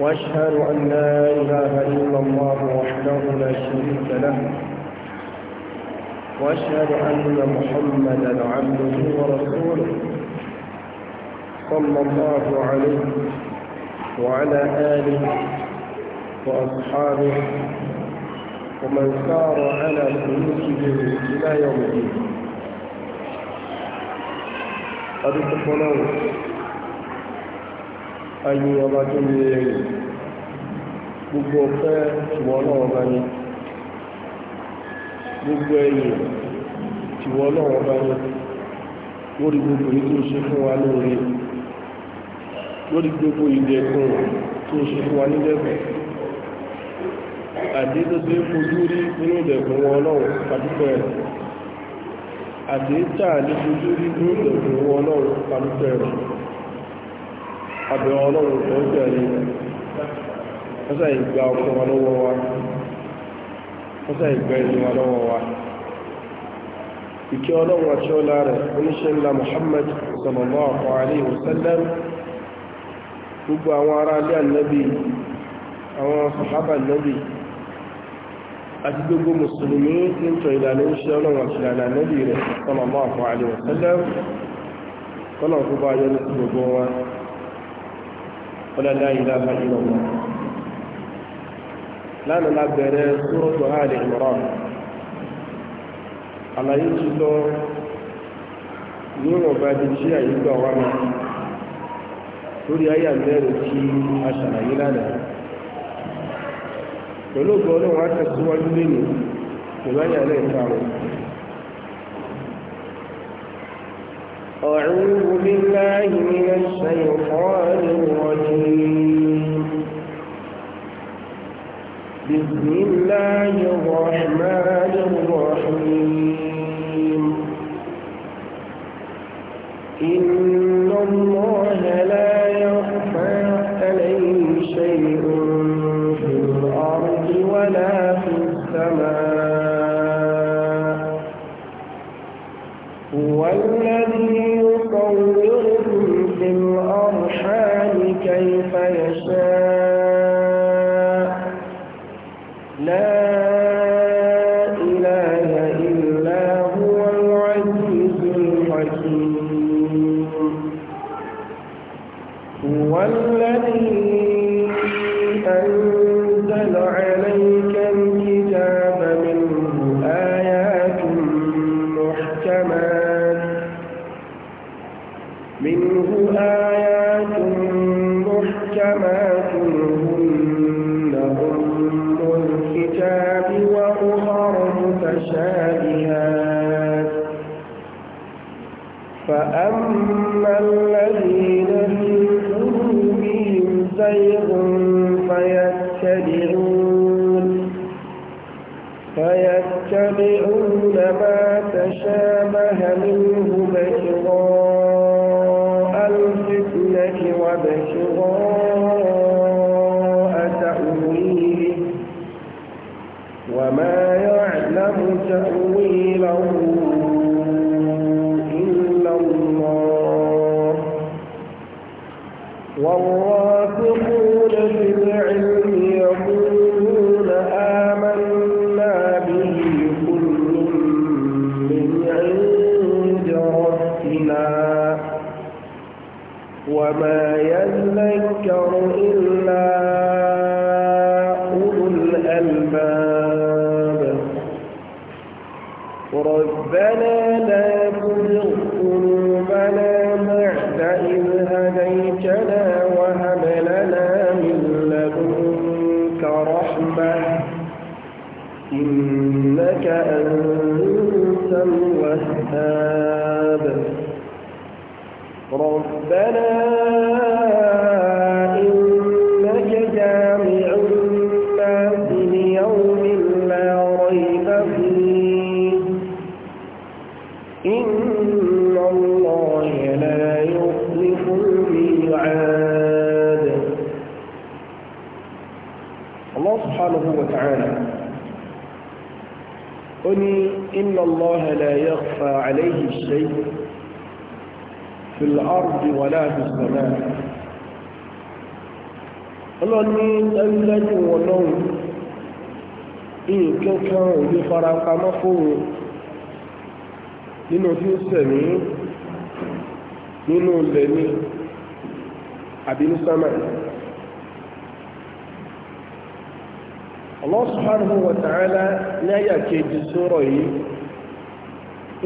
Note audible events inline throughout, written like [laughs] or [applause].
واشهد ان لا اله الا الله وحده لا شريك له واشهد ان محمدا عبده ورسوله صلى الله عليه وعلى اله واصحابه ومن سار على سلوكه الى يوم الدين قد تكونوا ayé ọba tó ní ẹ̀rù gbogbo ọ̀fẹ́ tìwọ́ ọlọ́wọ́ bá ní gbogbo ẹ̀yìn tìwọ́ ọlọ́wọ́ bá ní lórí gbogbo èyí tó ṣe fún wa lóore lórí gbogbo ìdẹ̀kùn tó ṣe fún wa nídẹ̀kùn àdé tó ṣe fojú rí nínú ìdẹ̀kùn wọn ọlọ́run pàdúpẹ́ rẹ̀ àdé tàà lè fojú rí nínú ìdẹ̀kùn wọn ọlọ́run pàdúpẹ́ rẹ̀ àbẹ̀wò ọlọ́run tó ń tẹ̀lé ọ̀sẹ̀ ìgbà ọkọ̀ wa lọ́wọ́ wa ọ̀sẹ̀ ìgbà ẹ̀yìn wa lọ́wọ́ wa ìkẹ́ ọlọ́run àti ọlá rẹ̀ oníṣẹ́ ńlá Muhammad sallallahu alaihi wasallam gbogbo àwọn ará alẹ́ ànábì àwọn sàhábà ànábì àti gbogbo mùsùlùmí ní tọ̀ ìlànà oníṣẹ́ ọlọ́run àti ìlànà ànábì rẹ̀ sallallahu alaihi wasallam kọ́nà kó bá yọ ní gbogbo wọn wọ́n lá ilaha illallah lánàá la bẹ̀rẹ̀ Suratu Ali Imran àlàyé ti lọ níwọ̀nba ibi tí àyíká wa máa lórí ayé àmẹ́rin tí a ṣàlàyé lánàá pẹ̀lú ọgbọ́n náà wọ́n á tẹ̀síwájú lẹ́nu pẹ̀lú ayé àlẹ́ ìta rẹ̀ أعوذ بالله من الشيطان الرجيم بسم الله الرحمن الرحيم إن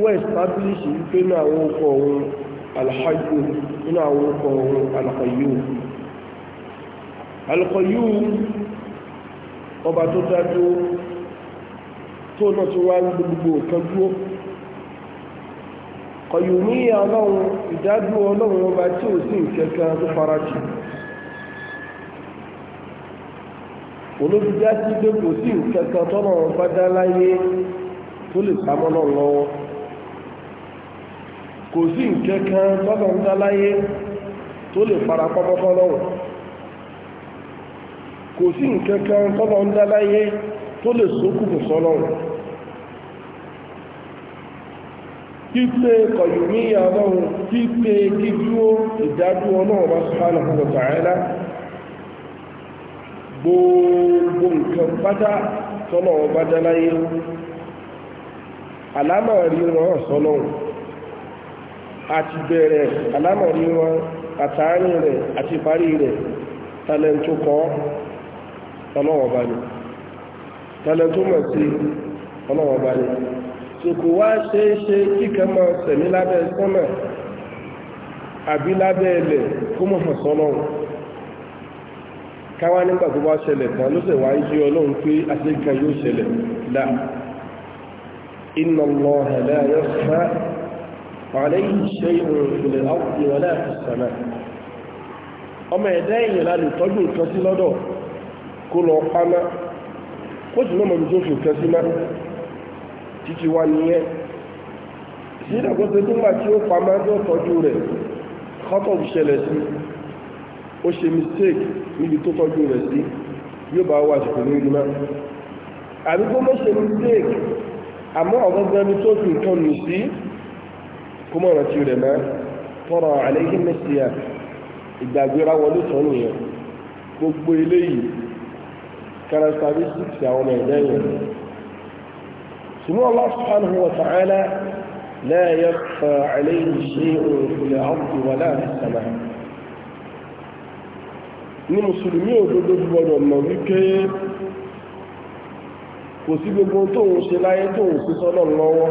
wọ́n establish wípé ní àwọn ọkọ̀ òun alhayu nínú àwọn ọkọ̀ òun alhayu alhayu ọba tó dájú tó náà tó wá ń gbogbo nǹkan dúró kọ̀yùmí ọlọ́run ìdádúró ọlọ́run ọba tí ò sí ìkẹ́kẹ́ tó farajì olóbi já sí pé kò sí ìkẹ́kẹ́ tọ́nà bá dá láyé tó lè pamọ́ náà lọ́wọ́ kò sí nǹkan kan tọ́lọ̀ ń dáláyé tó lè fara pọ́pọ́pọ́ lọ́wọ́ kò sí nǹkan kan tọ́lọ̀ ń dáláyé tó lè sókùnkùn sọ́lọ́wọ́ títẹ́ kọ̀yùmíyà lọ́wọ́ títẹ́ gígúó ìdájú ọlọ́wọ́ bá àti bẹ̀rẹ̀ alámọ̀rí wọn àtàárín rẹ̀ àti parí rẹ̀ tàlẹ̀ntó kọ́ ọlọ́wọ̀ba tàlẹ̀ntó mọ̀ sí ọlọ́wọ̀ba ni sòkò wá ṣe é ṣe kíkẹ́ mọ́ sẹ̀mí lábẹ́ sọ́mọ̀ àbí lábẹ́ ilẹ̀ kó mọ̀ hàn sọ́lọ́run káwá nígbà tó bá ṣẹlẹ̀ tán ló sì ń ọlọ́run pé yóò عليه شيء في الأرض ولا في السماء ọmọ ẹ̀dá èèyàn la lè tọ́jú nǹkan sí lọ́dọ̀ kó lọ pamá kó sì mọ́mọ́ tó fi nǹkan sí má títí wá nìyẹn sí ìdàgbọ́sẹ̀ tó gbà tí ó pamá tó tọ́jú rẹ̀ kọ́tọ̀ ṣẹlẹ̀ sí ó ṣe mistake níbi tó tọ́jú rẹ̀ sí yóò bá wà sí pẹ̀lú ìlú náà àbí kó mọ́ ṣe mistake àmọ́ ọ̀gọ́gọ́ ni tó fi nǹkan nù sí kó mọ̀ rántí rẹ̀ mọ́ tọrọ àlẹ́yìn mẹ́sìá ìgbàgbéra wọn ló sọnù yẹn gbogbo eléyìí characteristics àwọn ọmọ ẹ̀dá yẹn ṣùgbọ́n Allah subhanahu wa ta'ala la yakhfa alayhi shay'un fil ardi wa la fis ní mùsùlùmí òdodo gbọdọ̀ mọ̀ wípé kò sí gbogbo tóun ṣe láyé tóun sí lọ́wọ́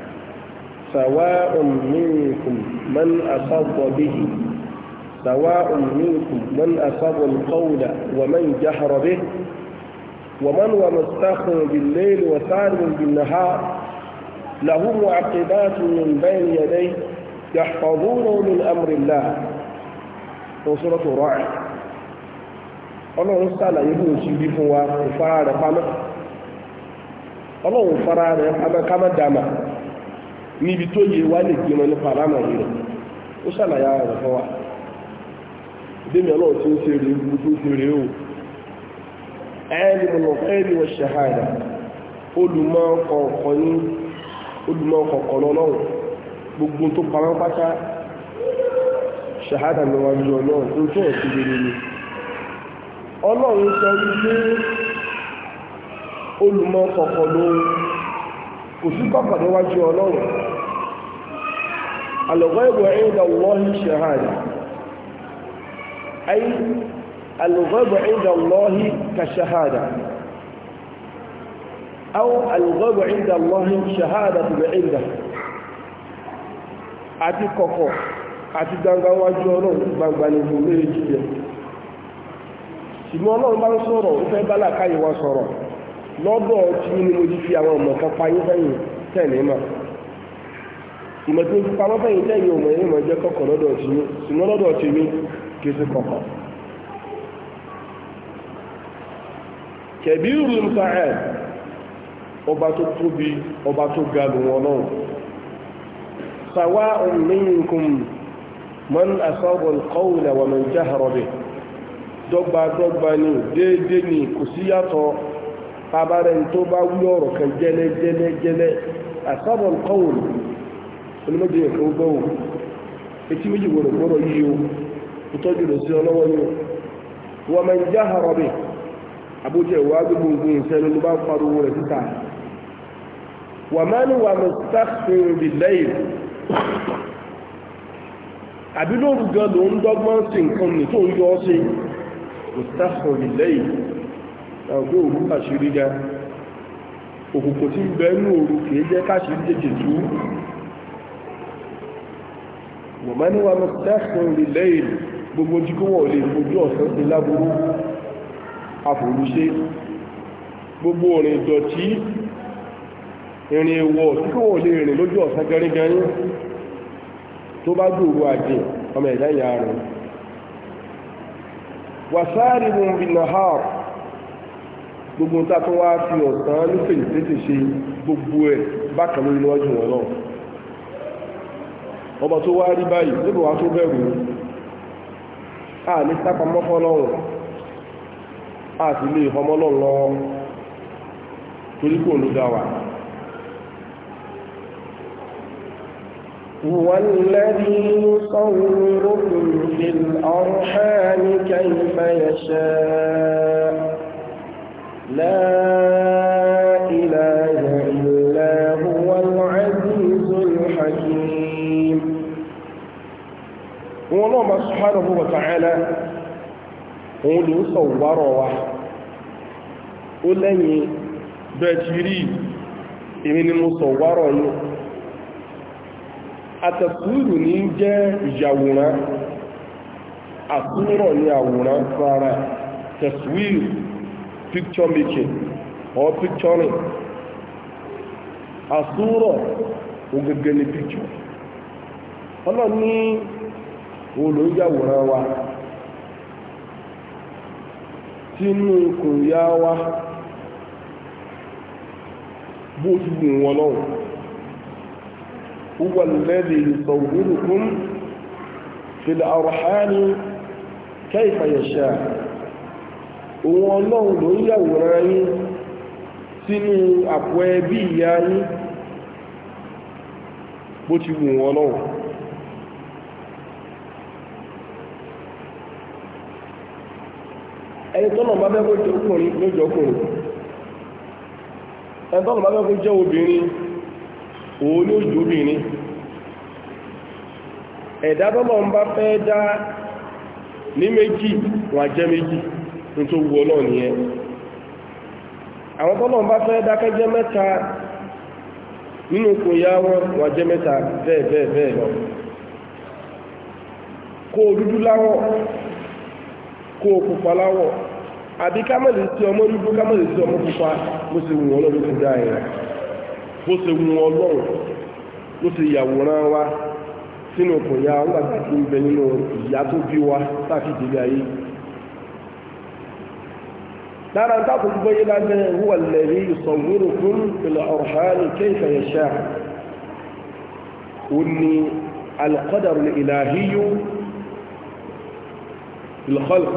سواء منكم من أصاب به سواء منكم من أصاب القول ومن جهر به ومن هو مستخر بالليل وسالم بالنهار له معقبات من بين يديه يحفظونه من أمر الله وسورة الرعد ọlọ́run sàlàyé bí o ti bí fún wa ìfara rẹ̀ pamọ́ ọlọ́run fara rẹ̀ pamọ́ ká dàmà níbi tó yẹ wá lè gbìmọ̀ nípa àlámà yìí ó ṣàlàyé ara rẹ̀ fún wa ìdémi ọlọ́run tí ó ṣe rèé gbogbo tó ṣe rèé o ní gbogbo tó pamọ́ pátá ṣàhádà ni jọ tó ni ọlọ́run sọ wípé ló kò sí níwájú الغيب عند الله شهادة أي الغيب عند الله كشهادة أو الغيب عند الله شهادة بعلمه àti kọ̀kọ̀ àti dangawajú ọlọ́run gbangba ní ìlú méjì ọlọ́run bá ń sọ̀rọ̀ ó fẹ́ bálàkáyé wa sọ̀rọ̀ lọ́dọ̀ tí ní mo fi àwọn ọmọ kan ìmọ̀tí pamọ́ fẹ́yìn tẹ́yìn òmò ẹ̀yìn mọ̀jẹ́ kọ̀kọ̀ lọ́dọ̀ ti mi ṣùgbọ́n lọ́dọ̀ ti mi kì ṣe kọ̀kọ̀ kẹ̀bí rú nta ẹ̀ ọba tó tóbi ọba tó ga lù wọn náà sàwa man asaba al-qawla wa man jahara dọ́gba dọ́gba ni déédé ni kò sí yàtọ̀ onímọ̀jẹ ẹ̀kọ́ gbọ́ o etí méjì gbọ́dọ̀ gbọ́dọ̀ yí o ìtọ́jú rẹ̀ sí ọlọ́wọ́ yìí wọ́n máa ń já àrọ̀ mi àbójẹ ìwà gbogbo ìṣẹ́nu ló bá ń pariwo rẹ̀ síta wà máa ń wà mùsàkùnrin bì lẹ́yìn àbí lóòrù gan ló ń dọ́gbọ́n sí nǹkan nì tó òkùnkùn tí ń bẹ́ẹ̀ ní òru kìí jẹ́ káṣírí jẹ́jẹ̀ wọ̀mọ́ ní wa mẹ́tẹ́sùn lè lẹ́yìn gbogbo tí kó wọ́n lè fojú ọ̀sán sí láburú àfòrúṣe gbogbo orin ìdọ̀tí ìrìn ìwọ̀ tí kó wọ́n lè rìn lójú ọ̀sán gẹringẹrí tó bá gbòòrò àjìn ọmọ ẹ̀dá ìyá rẹ̀ wàsáàrí wọn bí nàhàr gbogbo ta tó wá fi ọ̀sán ní fèrèsé ti ṣe gbogbo ẹ̀ bákan lórí lọ́jọ́ wọn náà ọba tó wá rí báyìí níbo wá tó bẹ̀rù a ní sápamọ́ fọ́lọ́run a sì lè fọmọ́lọ́run lọ torí kò ló dá wa هو الذي يصوركم في الأرحام كيف wọn náà ma subhanahu wa ta'ala òun ló ń sọ wárọ̀ wa ó lẹ́yìn bẹ̀tìrí èmi ni mo sọ wárọ̀ ní àtẹ̀sùrù ní jẹ́ ìyàwòrán àtúrọ̀ ní àwòrán fara tẹ̀sùwìrì picture ọ or picturing àtúrọ̀ ògẹ́gẹ́ ní picture ọlọ́ni olóyàwòrán wa tínú kò yá wa bó ti wù wọn lọ́wọ́ huwa alladhi yusawwirukum fil arhami kayfa yasha òun ọlọ́run ló ń yàwòrán yín sínú àpò ẹbí ìyá yín bó ti wù wọn lọ́wọ́ ẹni tọ́nà bá bẹ́ẹ̀ kó jẹ́ ọkùnrin jẹ́ ọkùnrin ẹni tọ́nà bá bẹ́ẹ̀ kó jẹ́ obìnrin òun ló jù obìnrin ẹ̀dá tọ́nà bá fẹ́ dá ní méjì wọ́n jẹ́ méjì tó wù nìyẹn àwọn tọ́nà bá fẹ́ mẹ́ta nínú kò yá wọn jẹ́ kó pupa láwọ̀ àbí tí ọmọ dúdú kámẹ́lì tí ọmọ pupa ló ṣe wù ọlọ́run ti dá ẹ̀yà bó ṣe wù ọlọ́run ló ṣe yàwòrán wa sínú ọkùnrin ya ńgbà tí ti ń bẹ nínú ìyá tó bí wa láti ìdílé ayé ń tàkùn lábẹ́ ó ní ìlọ́kọ́lù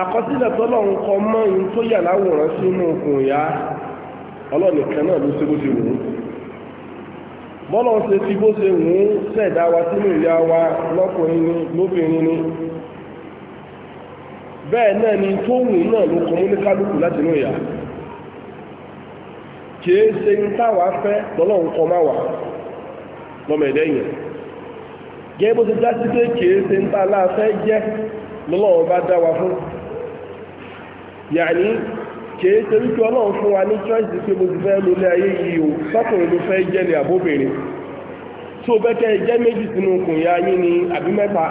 àkọsílẹ̀ tọ́lọ́run kọ mọ́ tó yà láwòrán sínú okùn ìyá ọlọ́nìkan náà ló ṣe bó ṣe wù ú bọ́lọ̀ ṣe fi bó ṣe wù ú ṣẹ̀dá wa sínú ìyá wa lọ́kùnrin ni lóbìnrin náà ni tó wù náà ló kọ múníkálùkù láti inú ìyá ṣe ń táwa wà gẹ́gẹ́ bó ti já sí pé ń tàà láàfẹ́ jẹ́ lọ́lọ́wọ́ bá dá fún yàní kìí ṣe wípé ọlọ́run fún wa ní pé mo ti fẹ́ ayé yìí o sọ́kùnrin ló fẹ́ jẹ́ ní àbóbìnrin tí bẹ́kẹ́ jẹ́ méjì ya yín ni àbí mẹ́ta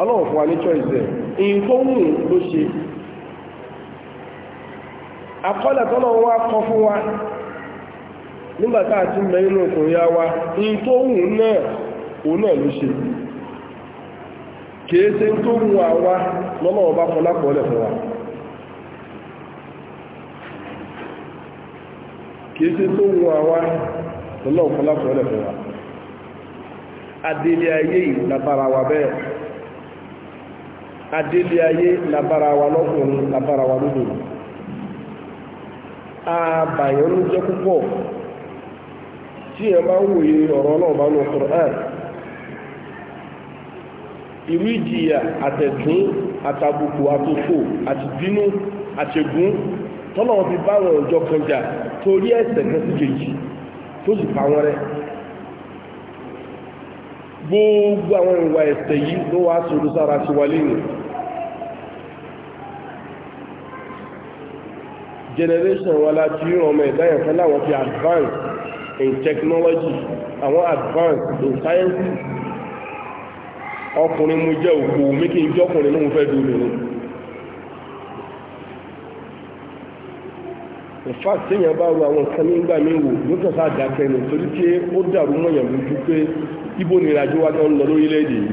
ọlọ́run fún wa ní choice ẹ̀ nǹkan ló ṣe akọ́lẹ̀ tọ́lọ́run wá kọ nígbàtá àti mẹ́ inú ọkùnrin ya na in tó wù náà òun náà ló ṣe kìí ṣe tó ọba fọlápọ̀ọ́lẹ̀ fún wa kìí ṣe tó lọ́nà fún wa adélé ayé ìlàbára wa bẹ́ẹ̀ adélé ayé wa lọ́kùnrin wa lóbìnrin àbàyàn ló jẹ́ tí ẹ bá ń wòye ọ̀rọ̀ ọlọ́ọ̀bá ní Qur'an irú ìjìyà àtẹ̀dún àtàbùkù àtòfò àtìbínú àtẹ̀gún tọ́lọ̀ fi báwọn ọjọ́ kan jà torí ẹ̀ṣẹ̀ kan sí kejì tó sì pa wọn rẹ́ gbogbo àwọn ìwà ẹ̀ṣẹ̀ yìí ló wá sọ́dọ̀ sára ti wà lẹ́yìn generation wa láti rí ọmọ ẹ̀dá láwọn ti advance in technology àwọn advance in science. ọkùnrin mú jẹ́ òkú mékì ń jọ́kùnrin ní mo fẹ́ dúró ní in fact tíyàn bá wo àwọn nǹkan nígbà mi wò ló kẹsà àdákẹ́ nù torí pé ó dàrú mọ́yàn lójú pé ibo ni ìrìnàjò wa kan lọ lórílẹ̀-èdè yìí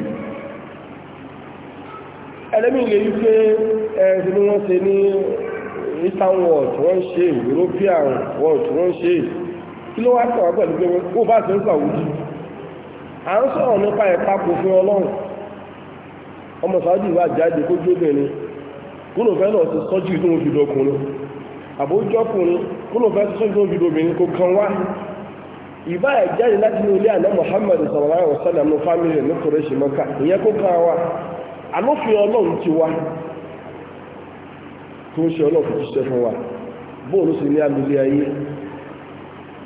ẹlẹ́mì lè rí pé ẹ̀ẹ́sì ni wọ́n ṣe ní eastern world wọ́n ṣe european world wọ́n ṣe kí ló wá kọ̀wá pẹ̀lú pé ó bá ṣe ń sàwùjí à ń sọ̀rọ̀ nípa ẹ̀ka kò fún ọlọ́run ọmọ sáájú ìwà jáde kó jóbìnrin kúrò fẹ́ lọ sí sọ́jú tó ń fi dọkùnrin àbójọ́kùnrin fẹ́ sí sọ́jú tó ń fi dọbìnrin kò kan wá ìbá ẹ̀ jáde láti ilé àná fámìlì wa bóòlù sí ayé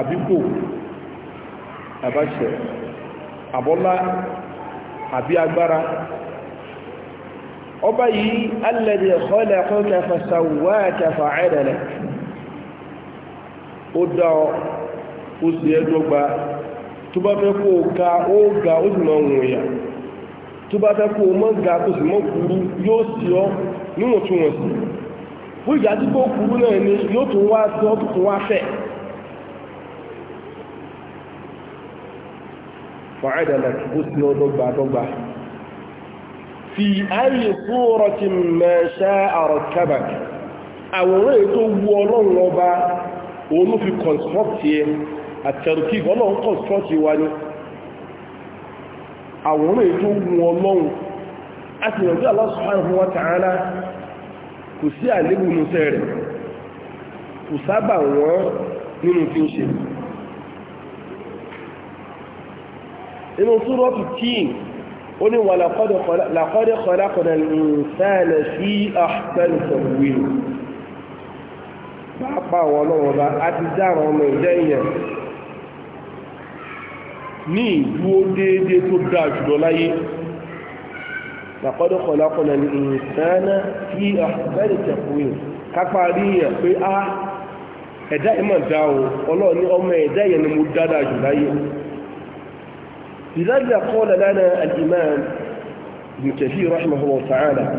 àbíkò àbáṣẹ àbọ́lá àbí agbára ọba yìí alladhi khalaqaka fasawwaka fa'adalak ó dá ọ ó sì ẹ́dọ́gba tó bá fẹ́ kó ga ó ga ó sì mọ́ ohun èyà tó bá fẹ́ kó mọ́ ga ó sì mọ́ kúrú yóò sí ọ níwọ̀ntúnwọ̀nsì fún ìjà tí kó kúrú náà ni yóò tún wá sí ọ tó tún wá fẹ́ẹ̀ fa'adalat ó sì ọ dọ́gba dọ́gba fi ayé sóòrọ̀ ti mẹ́ṣẹ́ àrọ̀ kabak àwòrán ètò wu ọlọ́run ọba òun ló fi kọ̀nstrọ́tì ẹ àtẹ̀rùkì ọlọ́run kọ̀nstrọ́tì wa ni àwòrán ètò wu ọlọ́run a ti rẹ̀ bí Allah subhanahu inú súrọ́tù tíìn ó ní wà làkọ́dẹ̀ kọ́lákọ̀dà ìsáàlẹ̀ sí àṣìṣẹ́lẹ̀ sọ̀rọ̀wìn pápá àwọn ọlọ́wọ́ bá a ti dáhùn ọmọ ìjẹ́ ìyẹn ní ìdúró déédéé tó dáa jùlọ láyé làkọ́dẹ̀ kọ́lákọ̀dà ìsáàlẹ̀ sí àṣìṣẹ́lẹ̀ sọ̀rọ̀wìn kápá rí لذلك قال لنا الإمام ابن كثير رحمه الله تعالى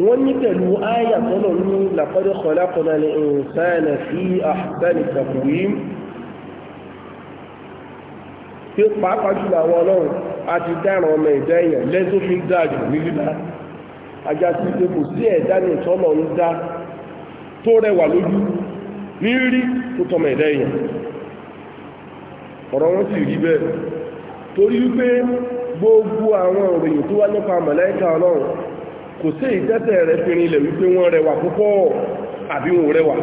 ونتلو آية ظلمي لقد خلقنا الإنسان في أحسن تقويم في الطاقة جل وعلا أتدان وميدين لازم في الداج نجلا أجاسي تبوسي أدان يتولى نجلا توري ولوجو nírí tó tọmọ ẹ̀dá èèyàn ọ̀rọ̀ wọn sì rí bẹ́ẹ̀ torí wípé gbogbo àwọn òròyìn tó wá nípa màláíkà ọlọ́run kò sí ìtẹ́tẹ̀ rẹ̀ fi rinlẹ̀ wípé wọ́n rẹwà púpọ̀ àbí wọn rẹwà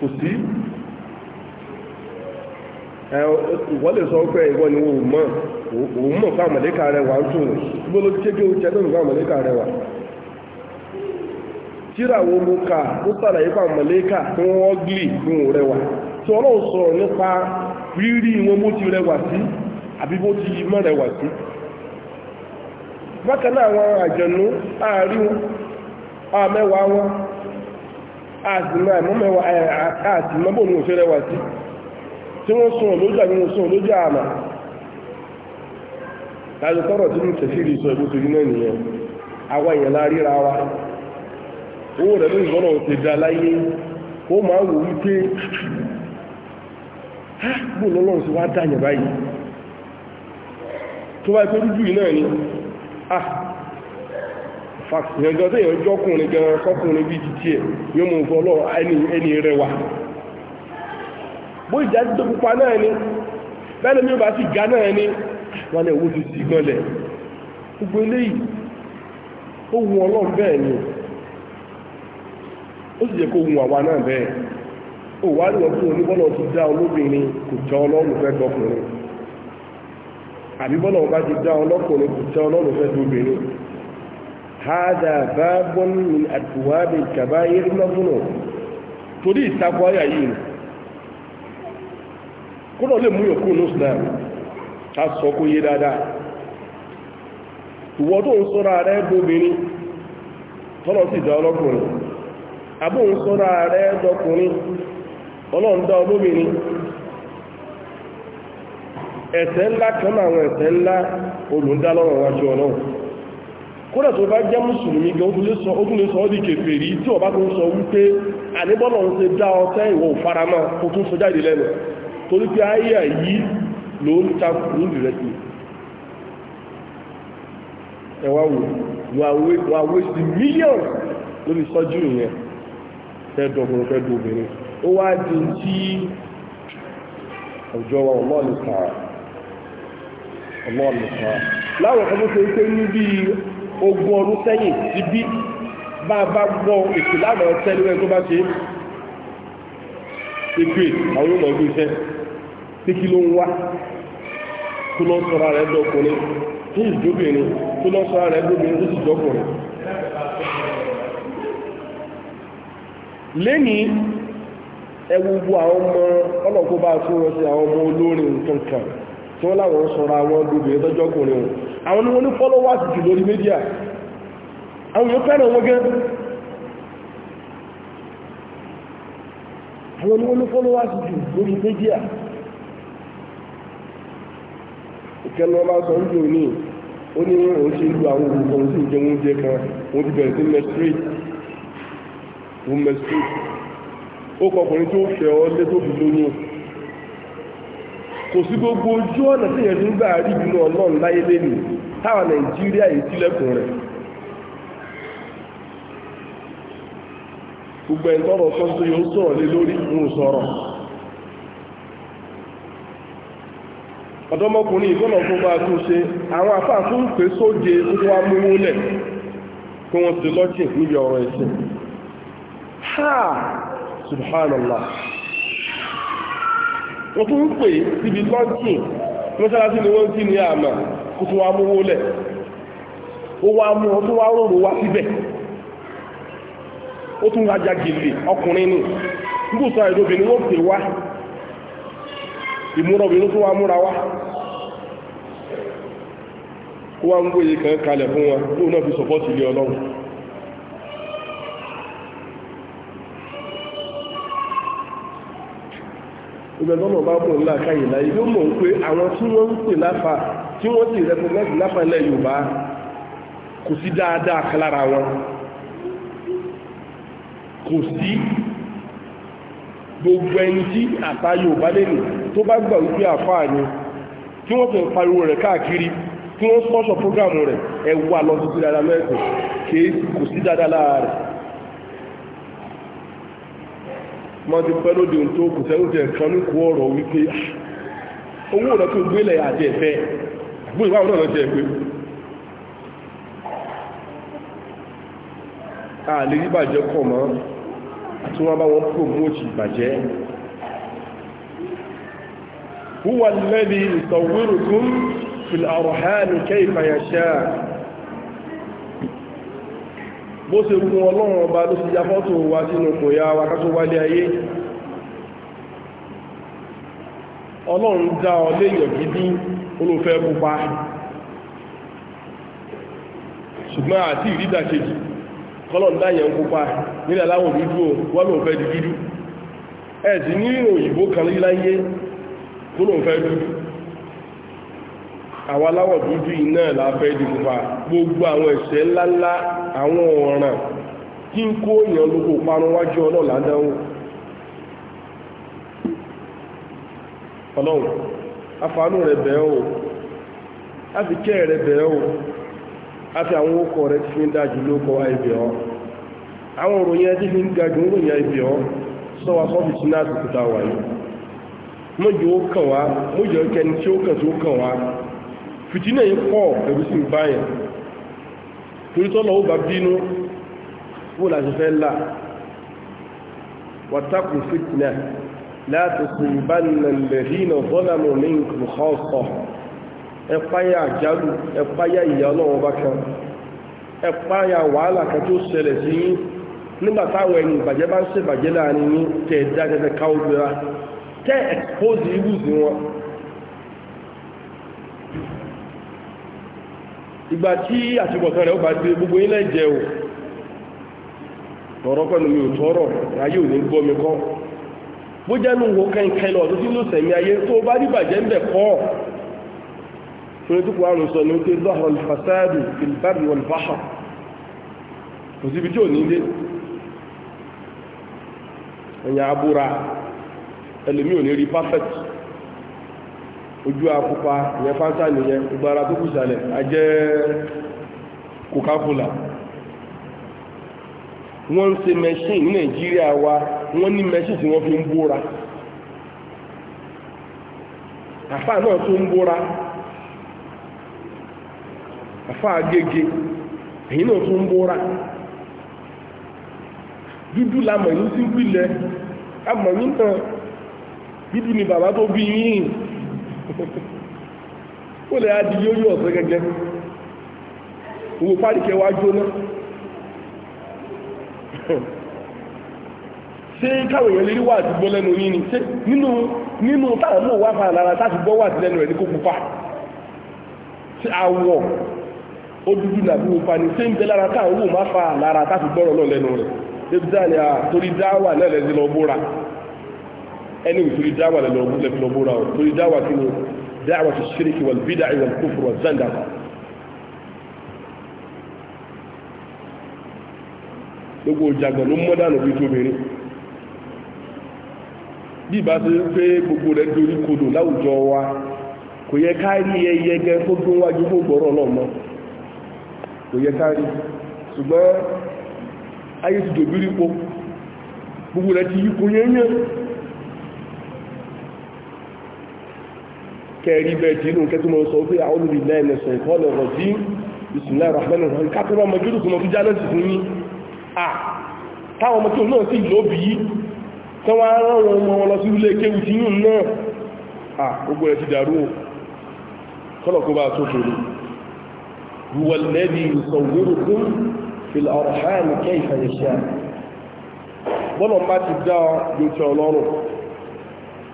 kò sí sọ pé ìwọ́n ni wọ́n mọ̀ òun mọ̀ fún àmàlẹ́kà rẹwà ń tún gbogbo ló ti ké kí o fún àmàlẹ́kà rẹwà tíra wo ó sàlàyé tí ọlọ́run sọ̀rọ̀ nípa rírí wọn bó ti rẹwà sí àbí bó ti mọ́ rẹwà sí náà àwọn àjẹ̀nú àárí wọn àmẹ́wàá wọn àtìmọ́ àmọ́mẹ́wàá àtìmọ́ bó ní òṣèré wà sí tí wọ́n sùn lójú àmì wọn lójú àmà sọ èèyàn láríra wa owó rẹ̀ ti láyé ó máa wò wípé bó lọ́lọ́run sí wá dáyẹ̀ báyìí tó bá ikú rújú náà ni ah fàkìyànjọ́ tó yẹn jọ́kùnrin gan kọkùnrin bí títí ẹ̀ yóò mú fọ́lọ́ ẹni rẹwà bó ìjà tó pupa náà ni bẹ́ẹ̀ mi bá sì ga náà ni wọ́n lè wó ti sí gọ́lẹ̀ gbogbo eléyìí ó wù ọlọ́run bẹ́ẹ̀ ni ó sì jẹ́ kó wù àwa náà bẹ́ẹ̀ ó wá ní ọdún oníbọ́nà ti dá olóbìnrin kò tẹ́ ọlọ́run fẹ́ dọkùnrin àbí ọba ti dá ọlọ́kùnrin kò tẹ́ ọlọ́run fẹ́ dọbìnrin hádà bá bọ́n ní kàbá yẹrí lọ́gbọ̀nà torí ìtakọ̀ ayà yìí kúrò lè mú yòókù ní islam ká sọ kó yé dáadáa ìwọ tó ń sọ́ra rẹ̀ ọlọ́kùnrin àbóhùn sọ́ra rẹ̀ dọkùnrin ọlọ́run dá olóbìnrin ẹ̀ṣẹ̀ ńlá kan náà àwọn nla ńlá olùdá wájú ọlọ́run kódà tó bá jẹ́ mùsùlùmí gan ogun sọ ọdị di kèfèrí tí ọba tó ń sọ wípé àníbọ́lọ̀ ń ṣe dá ọtẹ́ ìwọ̀ òfaramá kó tún sọ jáde lẹ́nu torí pé ayé àyí ló ń ta kùn ní ìrẹsì wà wé sí mílíọ̀nù lórí sọ́jú ó wá di tí ọjọ́ wa ọlọ́ọ̀lùkàrà láwọn ọ̀kan tó ṣe pé ní bí ogún ọdún sẹ́yìn ti bí bá bá gbọ́ ètò lánà tẹ́lúwẹ́ tó bá ṣe ìpè àwọn ọmọ ìgbé iṣẹ́ tí kí ló ń wá tó lọ sọ́ra rẹ̀ dọ́kùnrin tó sì tó lọ sọ́ra rẹ̀ dọ́kùnrin tó sì dọ́kùnrin lẹ́nìí ẹ a àwọn ọmọ ọlọ́kọ́ bá tún wọn sí àwọn ọmọ olórin kankan tí wọ́n láwọn sọ̀rọ̀ àwọn wọn àwọn ni wọ́n ní followers jù lórí àwọn yóò fẹ́ràn wọn àwọn ni wọ́n ní followers jù lórí ní ó kọkùnrin tó fẹ́ ọ lé tó fi lóyún kò sí gbogbo ojú ọ̀nà tí ìyẹn tó ń gbà rí ìbínú ọlọ́run láyé lẹ́nu táwọn nàìjíríà yìí tilẹ̀kùn rẹ̀ gbogbo ẹ̀ tọrọ sọ tó yóò sọ̀rọ̀ lé lórí ń sọ̀rọ̀ ọ̀dọ́mọkùnrin ìtọ́nà tó bá tún ṣe àwọn afáà tó ń pè sóde tó wá mú wọlẹ̀ kí wọ́n ti lọ́jìn níbi ọ̀rọ̀ ẹ̀sìn subhanallah wọ́n tún ń pè síbi tọ́ǹtì mọ́sálásí ni wọ́n ń kí ní àmà kó tún wá múwó lẹ̀ ó wá mú ọ wá rọrùn wá síbẹ̀ ó tún wájá gèlè ọkùnrin nù nígbò tó wọ́n wá tó wá múra wá ń gbóye kan kalẹ̀ ìgbẹ́gbọ́nà bá mọ̀ ńlá káyè láyé yóò mọ̀ pé àwọn tí wọ́n ń pè láfa tí wọ́n sì rẹ́pọ̀lẹ́sì láfa ilẹ̀ Yorùbá kò sí dáadáa kan lára wọn kò sí gbogbo ẹni tí àtà Yorùbá lẹ́nu tó bá gbà wípé àfáà ni tí wọ́n sì ń pariwo rẹ̀ káàkiri tí wọ́n sọ́ṣọ̀ prógrámù rẹ̀ ẹ̀ wà lọ sí dáadáa mẹ́sàn-án kò sí dáadáa lára rẹ̀ wọ́n ti pẹ́ lóde tó kò sẹ́rùtẹ̀ kan ní kó ọ̀rọ̀ wípé ah, owó ọ̀nà tó gbélẹ̀ àti ẹ̀fẹ́ gbóyìn wáwọn náà lọ́tẹ̀ pé àlè rí bàjẹ́ kọ̀ mọ́ àti wọ́n bá wọn promote ìbàjẹ́ huwa alladhi yusawwirukum fil arham kayfa yasha' bó ṣe fún ọlọ́run ọba ló ti ya fọ́tò wa sínú kò ya wa ká tó wálé ayé ọlọ́run dá ọ léèyàn gidi olófẹ́ pupa ṣùgbọ́n àti ìrídà kejì kọlọ̀n dáyẹ̀ ń pupa nílẹ̀ aláwọ̀ dúdú o wọ́n lóun fẹ́ di dúdú ẹ̀ ní òyìnbó kan líláyé tó fẹ́ dúdú àwọn aláwọ̀ dúdú iná la fẹ́ di pupa gbogbo àwọn ẹ̀ṣẹ̀ ńláńlá àwọn ọ̀ràn kí ń kó èèyàn lóko parun wájú ọlọ́ọ̀lá dánwò ọlọ́run afánú rẹ̀ bẹ̀ẹ́ o a kẹ́ rẹ̀ bẹ̀ẹ́ o a àwọn okọ̀ rẹ̀ ti fi ń dájú lóko àìbẹ̀ ọ́ àwọn òròyìn ẹtí fi ń ń ròyìn àìbẹ̀ ọ́ torí tọ́lọ̀ ó bá bínú wó láti fẹ́ ńlá wàtàkù fitna láti kùnbánà lẹ́rìnà zọ́lámù ní ìkùnkọ́ ẹpáyà àjálù ẹpáyà ìyà ọlọ́run bá kan ẹpáyà wàhálà kan tó ṣẹlẹ̀ sí yín nígbà táwọn ẹni ìbàjẹ́ bá ń ṣèbàjẹ́ láàrin yín tẹ̀ dáadáa ìgbà tí àtibọ̀tán rẹ̀ ó bá gbé gbogbo ilẹ̀ jẹ́ o tọ̀rọ̀ pẹ̀lú mi ò tọ́rọ̀ ayé ò ní gbọ́ mi kọ́ bó jẹ́ nù wo kẹ́kẹ́ lọ tó tí ló sẹ̀mí ayé tó bá rí bàjẹ́ ń bẹ̀ kọ́ fún ètùkù àrùn sọ ní ó pé zahra al-fasadu fil barri wal bahr kò síbi tí ò ní dé ẹ̀yà abúra ẹlòmí ò ní rí perfect ojú àpupa ìyẹn fáńtà nìyẹn gbogbo ara tó kù sàlẹ̀ a jẹ́ coca-cola wọ́n ń ṣe mẹ́ṣìn ní nàìjíríà wa wọ́n ní mẹ́ṣìn tí wọ́n fi ń bóra àfà náà tó ń bóra àfà agége èyí náà tó ń bóra dúdú la mọ̀ ní sí wílẹ̀ a mọ̀ ní tàn dúdú ni bàbá tó bí yín ó lè adi yóò yóò ọ̀sẹ̀ gẹ́gẹ́ owó pálíkẹ́ wá jóná ṣé káwọn èèyàn lè rí wà àdúgbò lẹ́nu yín ni ṣé nínú nínú táwọn náà wà fara lára láti gbọ́ wà sí lẹ́nu pupa àwọ̀ ó dúdú nàbí pupa ni ṣé ń bẹ lára táwọn wò má fara lára láti gbọ́rọ̀ náà lẹ́nu rẹ̀ ẹni ìtòrí dáwà lẹ́lọ lẹ́fìlọ bóra o torí dáwà kí ni dáwà ti ṣíríkì wal bídà wal kufr wal zandaka gbogbo ìjàgbọ̀n ló mọ́ dànù bí tóbìnrin bí ìbá ti pé gbogbo rẹ̀ dorí kodò láwùjọ wa kò yẹ ká rí ẹyẹ gẹ tó gbọ́n wájú fún gbọ́rọ̀ náà mọ́ kò yẹ ká rí ṣùgbọ́n ayé ti dòbírí po gbogbo rẹ̀ ti yí kò yẹ yẹn kẹrí bẹ́ẹ̀ tí inú kẹtù mọ́ sọ pé àwọn olùdí ilẹ̀ ẹ̀nẹ̀sọ̀ ìfọ́lẹ̀ ọ̀rọ̀ sí ìsìnlẹ̀ rahmanin rahim kápẹ́ máa mọ̀jú tó mọ̀ tó jáde sí fún yín à táwọn ọmọ tó náà sì lóbi tí wọ́n á rán wọn wọn lọ sí ilé kéwù tí yún náà à gbogbo ẹ̀ ti dàrú kọ́lọ̀ bá tó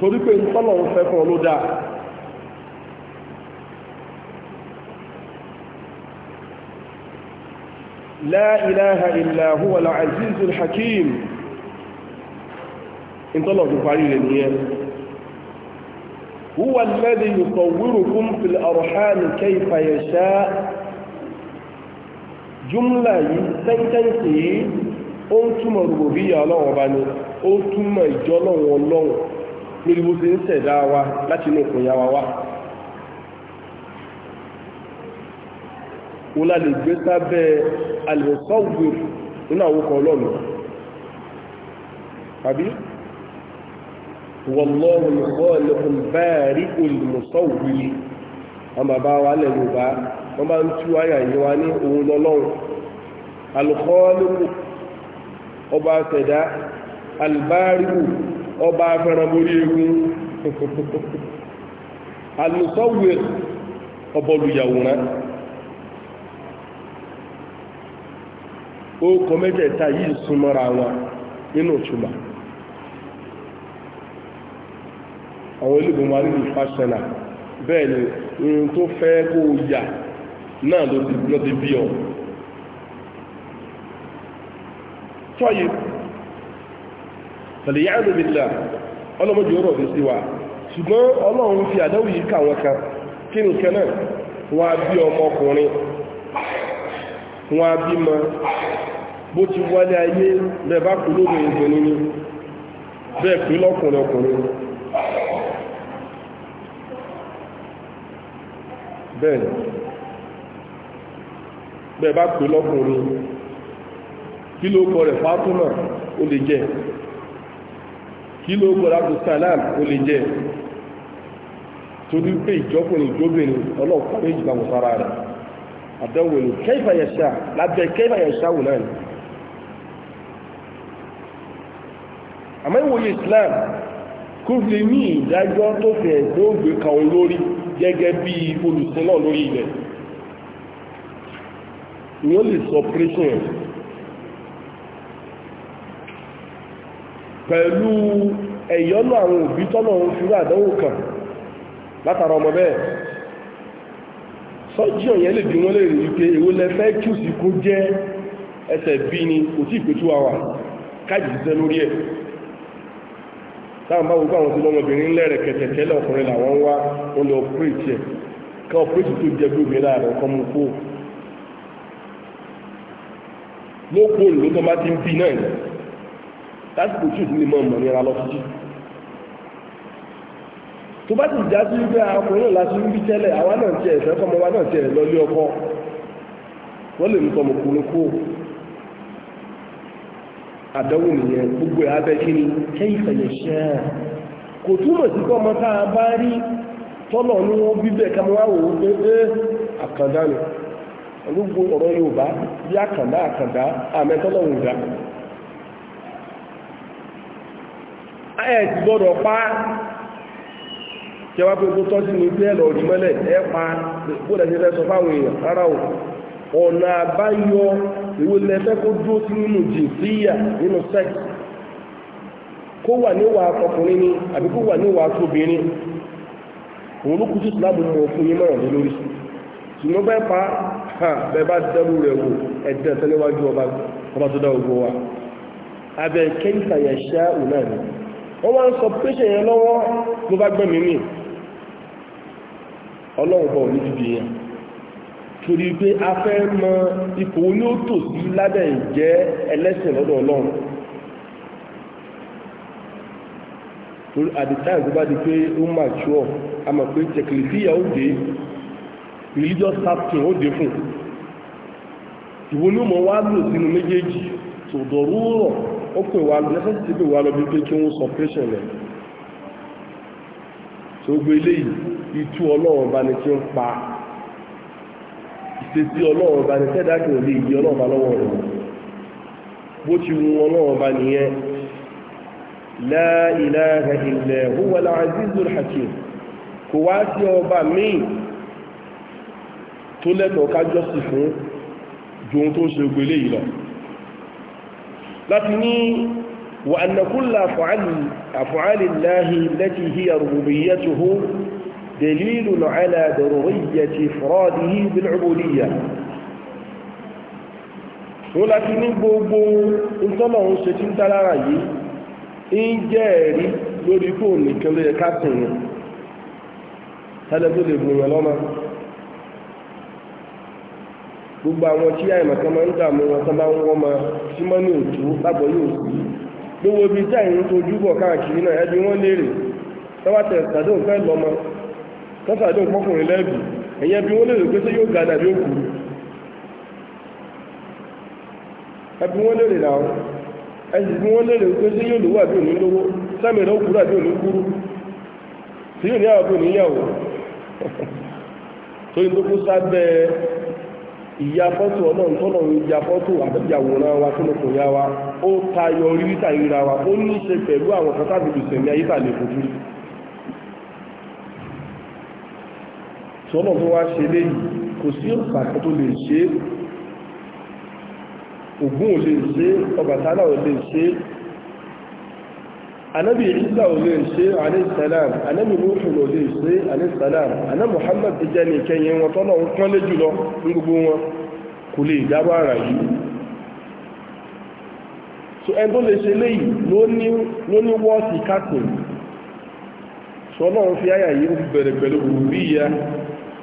torí pé ń tọ́lọ̀ ń fẹ́ fún ọ لا إله إلا هو العزيز الحكيم انت الله تفعلي لنيان هو الذي يصوركم في الأرحام كيف يشاء جملة سنتنسي أنتم ربوبية الله وباني أنتم جلو والله من المسلسة دعوة لا تنقل يا وواحد wọn lè gbé sábẹ́ alìmọ̀sọ́wù nínú àwòkọ̀ ọlọ́run àbí wọ́lọ́wù lọ́ọ̀lọ́kùn báàrí olùmọ̀sọ́wù yìí wọn bàbá wa lẹ̀ yorùbá wọn bá ń tú àyà yìí wá ní òun lọ́lọ́run ọba [laughs] ó kọ mẹ́tẹ̀ẹ̀ta yìí súnmọ́ra wọn nínú ìtumà àwọn olùgbò wọn nínú fásánà bẹ́ẹ̀ ni ohun tó fẹ́ kó yà náà ló ti lọ ti bí ọ tọ́yì tàbí yáàdù bílá ọlọ́mọdé ọ̀rọ̀ bí sí wa ṣùgbọ́n ọlọ́run fi àdáwò yìí kà kan kí nìkan náà wọ́n á bí ọmọkùnrin á bó ti wálé ayé lẹ́bá kú lóde ìgbẹ̀ni ni bẹ́ẹ̀ pín lọ́kùnrin ọkùnrin bẹ́ẹ̀ bẹ́ẹ̀ bá pín lọ́kùnrin kí ló kọ rẹ̀ Fátúmà ó lè jẹ́ kí ló kọ Abdul Salam ó lè jẹ́ torí pé ìjọkùnrin ìjóbìnrin ọlọ́ọ̀kọ́ méjì bá sára rẹ̀ àdánwò ní kẹ́fà yẹ̀ṣà lábẹ́ kẹ́fà yẹ̀ṣà wù náà àmọ́ ìwòye Islam kò lè ní ìdájọ́ tó fẹ̀ tó gbé kan olórí gẹ́gẹ́ bí olùsìn náà lórí ilẹ̀ ni ó lè sọ pírẹ́sìn ẹ̀ pẹ̀lú ẹ̀yọ́nú àwọn òbí tọ́nà ń fi àdánwò kan látara ọmọ bẹ́ẹ̀ sọ́jí ọ̀yẹ́ lè bí wọ́n lè rí wípé èwo lẹ fẹ́ kí ò sí kó jẹ́ ẹsẹ̀ bí ni kò tí ìpètú àwà káàdì síṣẹ́ lórí ẹ̀ táwọn bá gbogbo àwọn tí lọ́mọbìnrin lẹ́rẹ̀ kẹtẹ̀tẹ́lẹ̀ ọkùnrin làwọn wá wọn lọ pírìtì ẹ̀ ká ọpírìtì tó jẹ gbòmí láàrin ọkọ mú kó ló kó ló tó bá ti ń bí náà lásìkò tí òtún lè mọ ọmọ nira lọ títí tó bá ti já sí wípé ọkùnrin náà láti ń bí tẹ́lẹ̀ àwa náà tiẹ̀ fẹ́ kọ́mọ wa náà tiẹ̀ lọ lé ọkọ wọ́n lè mú tọmọkùnrin kó o àdánwò nìyẹn gbogbo ẹ̀ abẹ́ kí ni kò a bá rí tọ́lọ̀ ní bíbẹ̀ gbogbo ọ̀rọ̀ Yorùbá bí àkàndá àkàndá àmẹ́ tọ́lọ̀ ń gbọ́dọ̀ pa kẹwàá pé tọ́jú ní pé ìwé lẹ́fẹ́ kó dúró sí nínú jìnsíyà nínú sex kó wà níwà ọkùnrin ni àbí kó wà níwà tóbìnrin òun ló kú sí ìsìláàmù mọ̀ fún yín mọ̀ràn lórí ṣùgbọ́n pa ha bá dẹ́rù rẹ̀ wò ẹ̀dẹ́ tẹ́lẹ́wájú ọba tó dá ogun wa abẹ́ kẹ́ńtà yẹn ṣá òun náà ni wọ́n wá ń sọ pẹ́ṣẹ̀ yẹn torí pé a fẹ́ mọ ipò ní ó tò sí lábẹ́ ìjẹ́ ẹlẹ́sìn lọ́dọ̀ ọlọ́run torí àdìtáì tó bá di pé ó mà ṣọ́ a mọ̀ pé tẹkìlìfíà ó dé religious captain ó dé fún ìwo ní mọ̀ wá lò sínú méjèèjì tó dọ̀rú rọ̀ ó pè wá lọ lẹ́sẹ̀ sí pè wá lọ bí pé kí wọ́n sọ pẹ́ṣẹ̀ rẹ̀ tó gbé eléyìí itú ọlọ́run bá ní kí ń pa ìfèsì ọlọ́run ọba ní sẹ́dá kí òun lè yí ọlọ́run ọba lọ́wọ́ rẹ̀ bó ti wu ọlọ́run ọba nìyẹn la ilaha illa huwa al-azizul hakim kò wá sí ọba míì tó lẹ́tọ̀ọ́ ká jọ́sì fún ju ohun tó ń ṣe gbélé yìí lọ láti ní wa anna kulla àfọ̀álì láhì lẹ́tì hí دليل على ضرورية إفراده بالعبودية ولكن gbogbo ìtọ́lọ̀un ṣe tí ń tálára yìí ń jẹ́ ẹ̀rí lórí kó nìkan ló yẹ káàkùn gbogbo àwọn tí àìmọ̀kan máa ń dààmú wọn tán bá ń wọ́n ma tí mọ́ ní òtú lábọ̀ yóò sí gbogbo ibi tí àìrìn tó júbọ̀ káàkiri náà ẹbí wọ́n lérè tọ́wọ́ tẹ̀sán tó ń fẹ́ lọ́mọ tọ́sàdé ọmọkùnrin lẹ́bì ẹ̀yẹ bí wọ́n lè rò pé tí yóò gádà bí ó kú ẹbí wọ́n lè rè náà ẹ̀sì bí wọ́n lè rò pé tí yóò lówó àbí òní lówó sáàmì rẹ̀ òkúrò àbí òní kúrú tí yóò ní àwọn àbí òníyàwó [laughs] tó ní tó kó sábẹ́ ìyá fọ́tò ọlọ́run tọ́nà ìyá fọ́tò àbẹ́bíàwòrán wa tó lọ́kùn ya wa ó tayọ orí tàyíra wa ó ní í ṣe pẹ̀lú àwọn kan tábìlì sẹ̀mí ayé tàlẹ́kùn sọ́nà tó wá ṣe léyìí kò sí òkàkẹ́ tó lè ṣe Ògún ò lè ṣe Ọbàtálá ò lè ṣe anabi isa ò lè ṣe alaihissalam anabi nuhu ò lè ṣe alaihissalam ana muhammad ti jẹ́ nìkẹyẹ wọn tọ́nà ń kán lé jùlọ ní gbogbo wọn kò lè dábà ara yìí so ẹni tó lè ṣe léyìí ló ní wọ́ọ̀sì kátìn sọ́nà ń fi àyà yìí bẹ̀rẹ̀ pẹ̀lú rúbíyà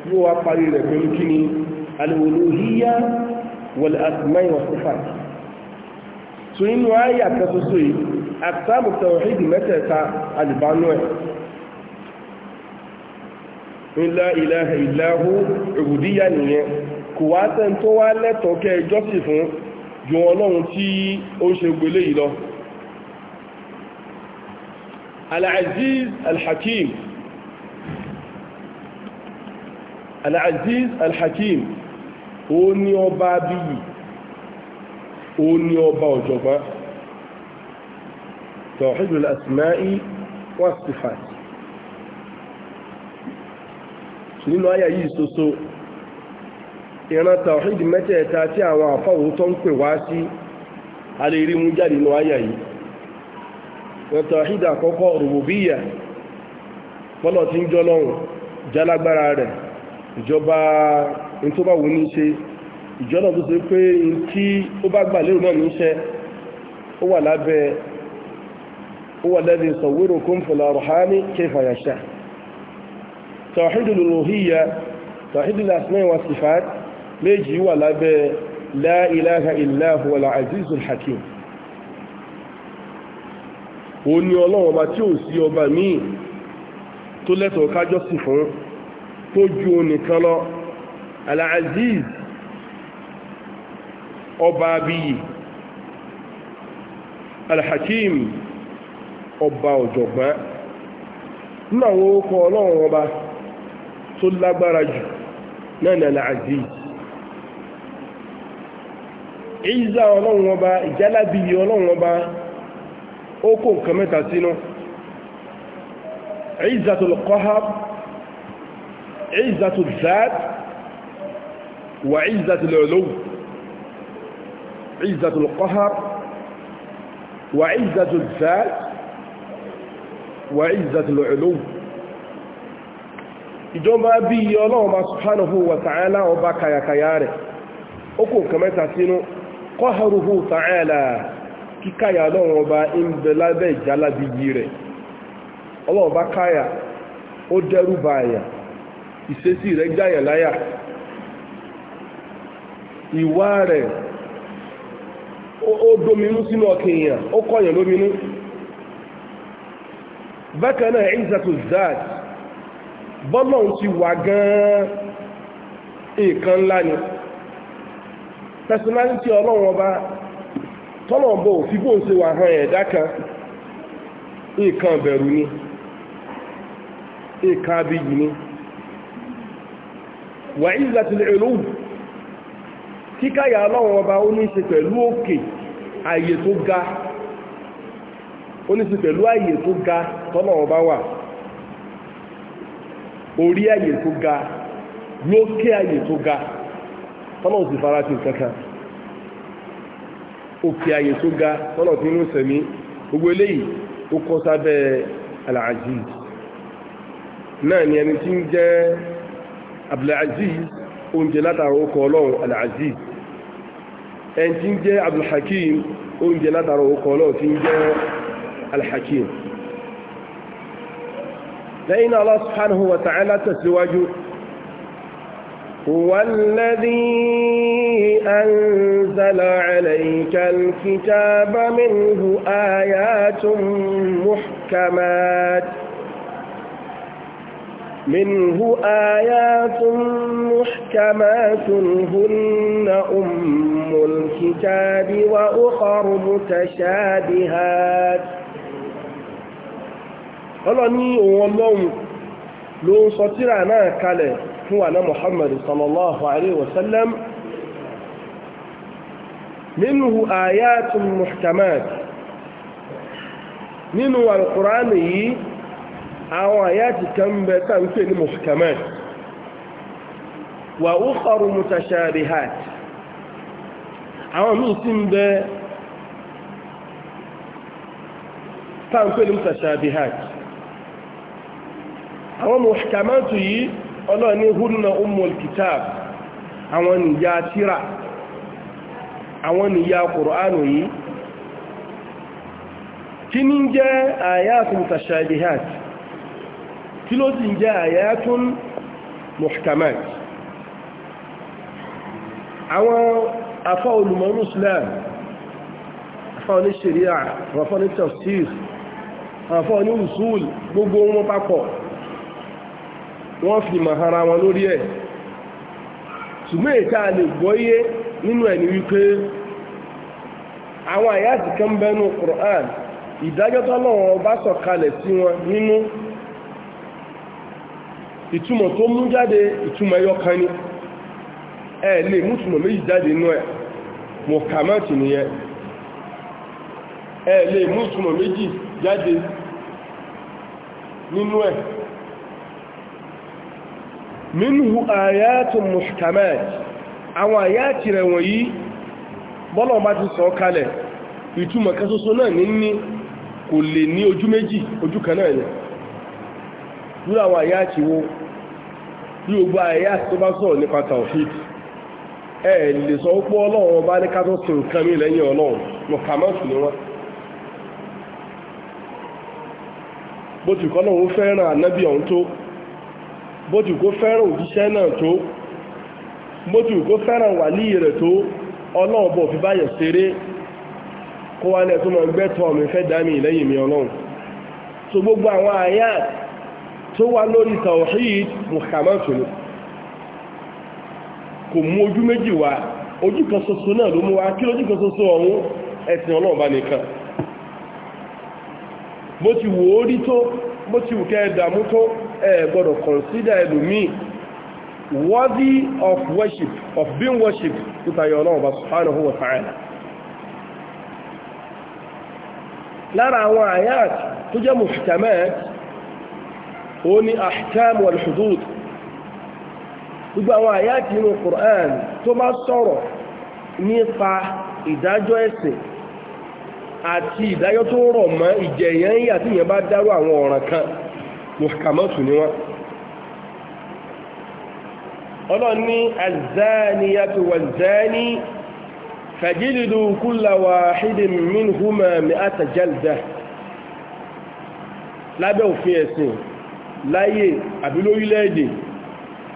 yóò wá parí rẹ̀ pẹ̀lú kí ni alwòlóhíyá wal asma'i wa sifat tó nínú ayé àkẹsọsọ yìí àtàbù tawhid mẹ́tẹ̀ẹ̀ta alìbánú ẹ̀ ńlá ilaha illahu ubudiyya nìyẹn kò wá tẹ́ tó wá lẹ́tọ̀ọ́ kẹ́ ìjọ́sìn fún ju ọlọ́run tí ó ń ṣe gbélé yìí lọ al-aziz al-hakim ó ní ọba abíyì ó ní ọba ọ̀jọ̀gbọ́n tawhidul asma'i wa sifat nínú ayà yìí soso ìran tawhid mẹ́tẹ̀ẹ̀ta tí àwọn àfáwò tó ń pè wá sí alérí jáde nínú ayà yìí ìran tawhid àkọ́kọ́ rububiyya bọ́lọ̀ tí ń jọ lọ́run jálágbára rẹ̀ ìjọba ní tó bá wù ní ṣe ìjọ́nà tó ṣe pé ní tí ó bá gbà lérò náà níṣẹ́ ó wà lábẹ́ ó wà lẹ́dí sọ̀wérò kún fìlà rọ̀hání kẹfà yàṣà tawhidul ruhiyya tawhidul asma wa sifat méjì wà lábẹ́ la ilaha illa tó ju onìkan lọ Al-Aziz ọba abiyì Al-Hakim ọba ọ̀jọ̀gbọ́n nínú àwọn orúkọ ọlọ́run ọba tó lágbára jù náà ni Al-Aziz ìzá ọlọ́run ọba ìjálábìyì ọlọ́run ọba ó kó nǹkan mẹ́ta sínú ìzá tó lọ kọ́ hápù عزة zad وعزة ìzàtò عزة القهر وعزة wà وعزة zad wà ìzàtò lọ́lọ́wù ìjọba bí i ọlọ́ọ̀bá subhanahu wa ta'ala ọba kayakaya rẹ̀ ó kò kàmẹ́ta sínú kọ́haruhu ta'ala kíkáyà ọlọ́run ọba ń bẹ lábẹ́ ìjálábí yìí rẹ̀ ọlọ́run bá káyà ó dẹ́rù bá ìṣesí rẹ̀ jáyàn láyà ìwà rẹ̀ ó dominú sínú ọkàn èèyàn ó kọ̀yàn lóminú bákan náà ìzàtò zad bọ́lọ̀ ti wà gan-an nǹkan ńlá ni personality ọlọ́run ọba tọ́lọ̀ bọ̀ òfin bóun ṣe wà hàn ẹ̀dá kan nǹkan bẹ̀rù ni nǹkan abiyì ni. wà ìzàtìlẹ̀ èlòun kíkáyà ọlọ́run ọba ó ní pẹ̀lú òkè àyè tó ga ó pẹ̀lú tó ga wà orí àyè tó ga lókè àyè tó ga tọ́lọ́run sì fara ti òkè tó ga tọ́lọ́run ti ń sẹ̀mí gbogbo eléyìí ó kọ́ sábẹ́ náà ni ẹni abdulaziz oúnjẹ látara orúkọ ọlọ́run alaziz ẹni tí ń jẹ́ abdulhakim oúnjẹ látara orúkọ ọlọ́run tí ń jẹ́ alhakim lẹ́yìn Allah subhanahu wa ta'ala tẹ̀síwájú هو الذي أنزل عليك الكتاب منه آيات محكمات منه آيات محكمات هن أم الكتاب وأخر متشابهات قال أني أولهم لو سترانا كالي هو أنا محمد صلى الله عليه وسلم منه آيات محكمات منه القرآن awa ya ci kanbe samfilin muskament wa uku ọrụ ta shari'at a wani ison da samfilin tashari'at a wani muskament yi ala ni hulunar umar kitab a wani ya tira a ya ƙru'anu yi tinigwe a yasun tashari'at kí ló sì ń jẹ́ àyàtún muhkamat àwọn afọ́ olùmọ̀rún islam afọ́ ní sharia afọ́ ní tafsir afọ́ ní usul gbogbo wọn papọ̀ wọ́n fi mahara wọn lórí ẹ̀ ṣùgbọ́n ìta lè gbọ́yé nínú ẹni wípé àwọn àyàtì kan bẹnu Qur'an ìdájọ́ tọ́lọ́wọ́ bá sọ̀kalẹ̀ sí wọn nínú ìtumọ̀ tó mú jáde ìtumọ̀ ní ẹ lè mú ìtumọ̀ méjì jáde inú ẹ̀ ẹ lè mú ìtumọ̀ méjì jáde nínú ẹ̀ minhu ayatun muhkamat àwọn àyàtì rẹ̀ wọ̀nyí bọ́lọ̀ ti sọ kalẹ̀ ìtumọ̀ kan náà ní kò lè ní ojú méjì ojú nínú àwọn àyá wo bí gbogbo àyá tó bá sọ̀rọ̀ nípa taofik ẹ lè sọ pé ọlọ́run bá ní ká tó sin nǹkan lẹ́yìn ọlọ́run mọ̀kàmọ́sù ni wọ́n bó ti kọ́ fẹ́ràn ànábì ọ̀hún tó bó ti kó fẹ́ràn òjíṣẹ́ náà tó bó ti kó fẹ́ràn tó wà lórí tawhid muhammadu ni kò mú ojú méjì wá ojú kan soso náà ló mú wá kí lójú kan ṣoṣo ọ̀hún ẹ̀sìn ọlọ́ọ̀bá nìkan bó ti wò ó rí tó bó ti wù kẹ́ ẹ̀dàmú tó ẹ gbọ́dọ̀ consider ẹlòmíì worthy of worship of being worship worshipped títayọ ọlọ́ọ̀bá subhanahu wa ta'ala lára àwọn àyàt tó jẹ́ muhtamat ó ní ahkam wal hudud gbogbo àwọn àyáàtì inú Qur'an tó bá sọ̀rọ̀ nípa ìdájọ́ ẹ̀sìn àti ìdájọ́ tó rọ̀ mọ́ ìjẹ̀yàn yìí àti ìyẹn bá dárò àwọn ọ̀ràn kan muhkamatu ni wọ́n lábẹ́ òfin ẹ̀sìn láyé àbí lórílẹ̀-èdè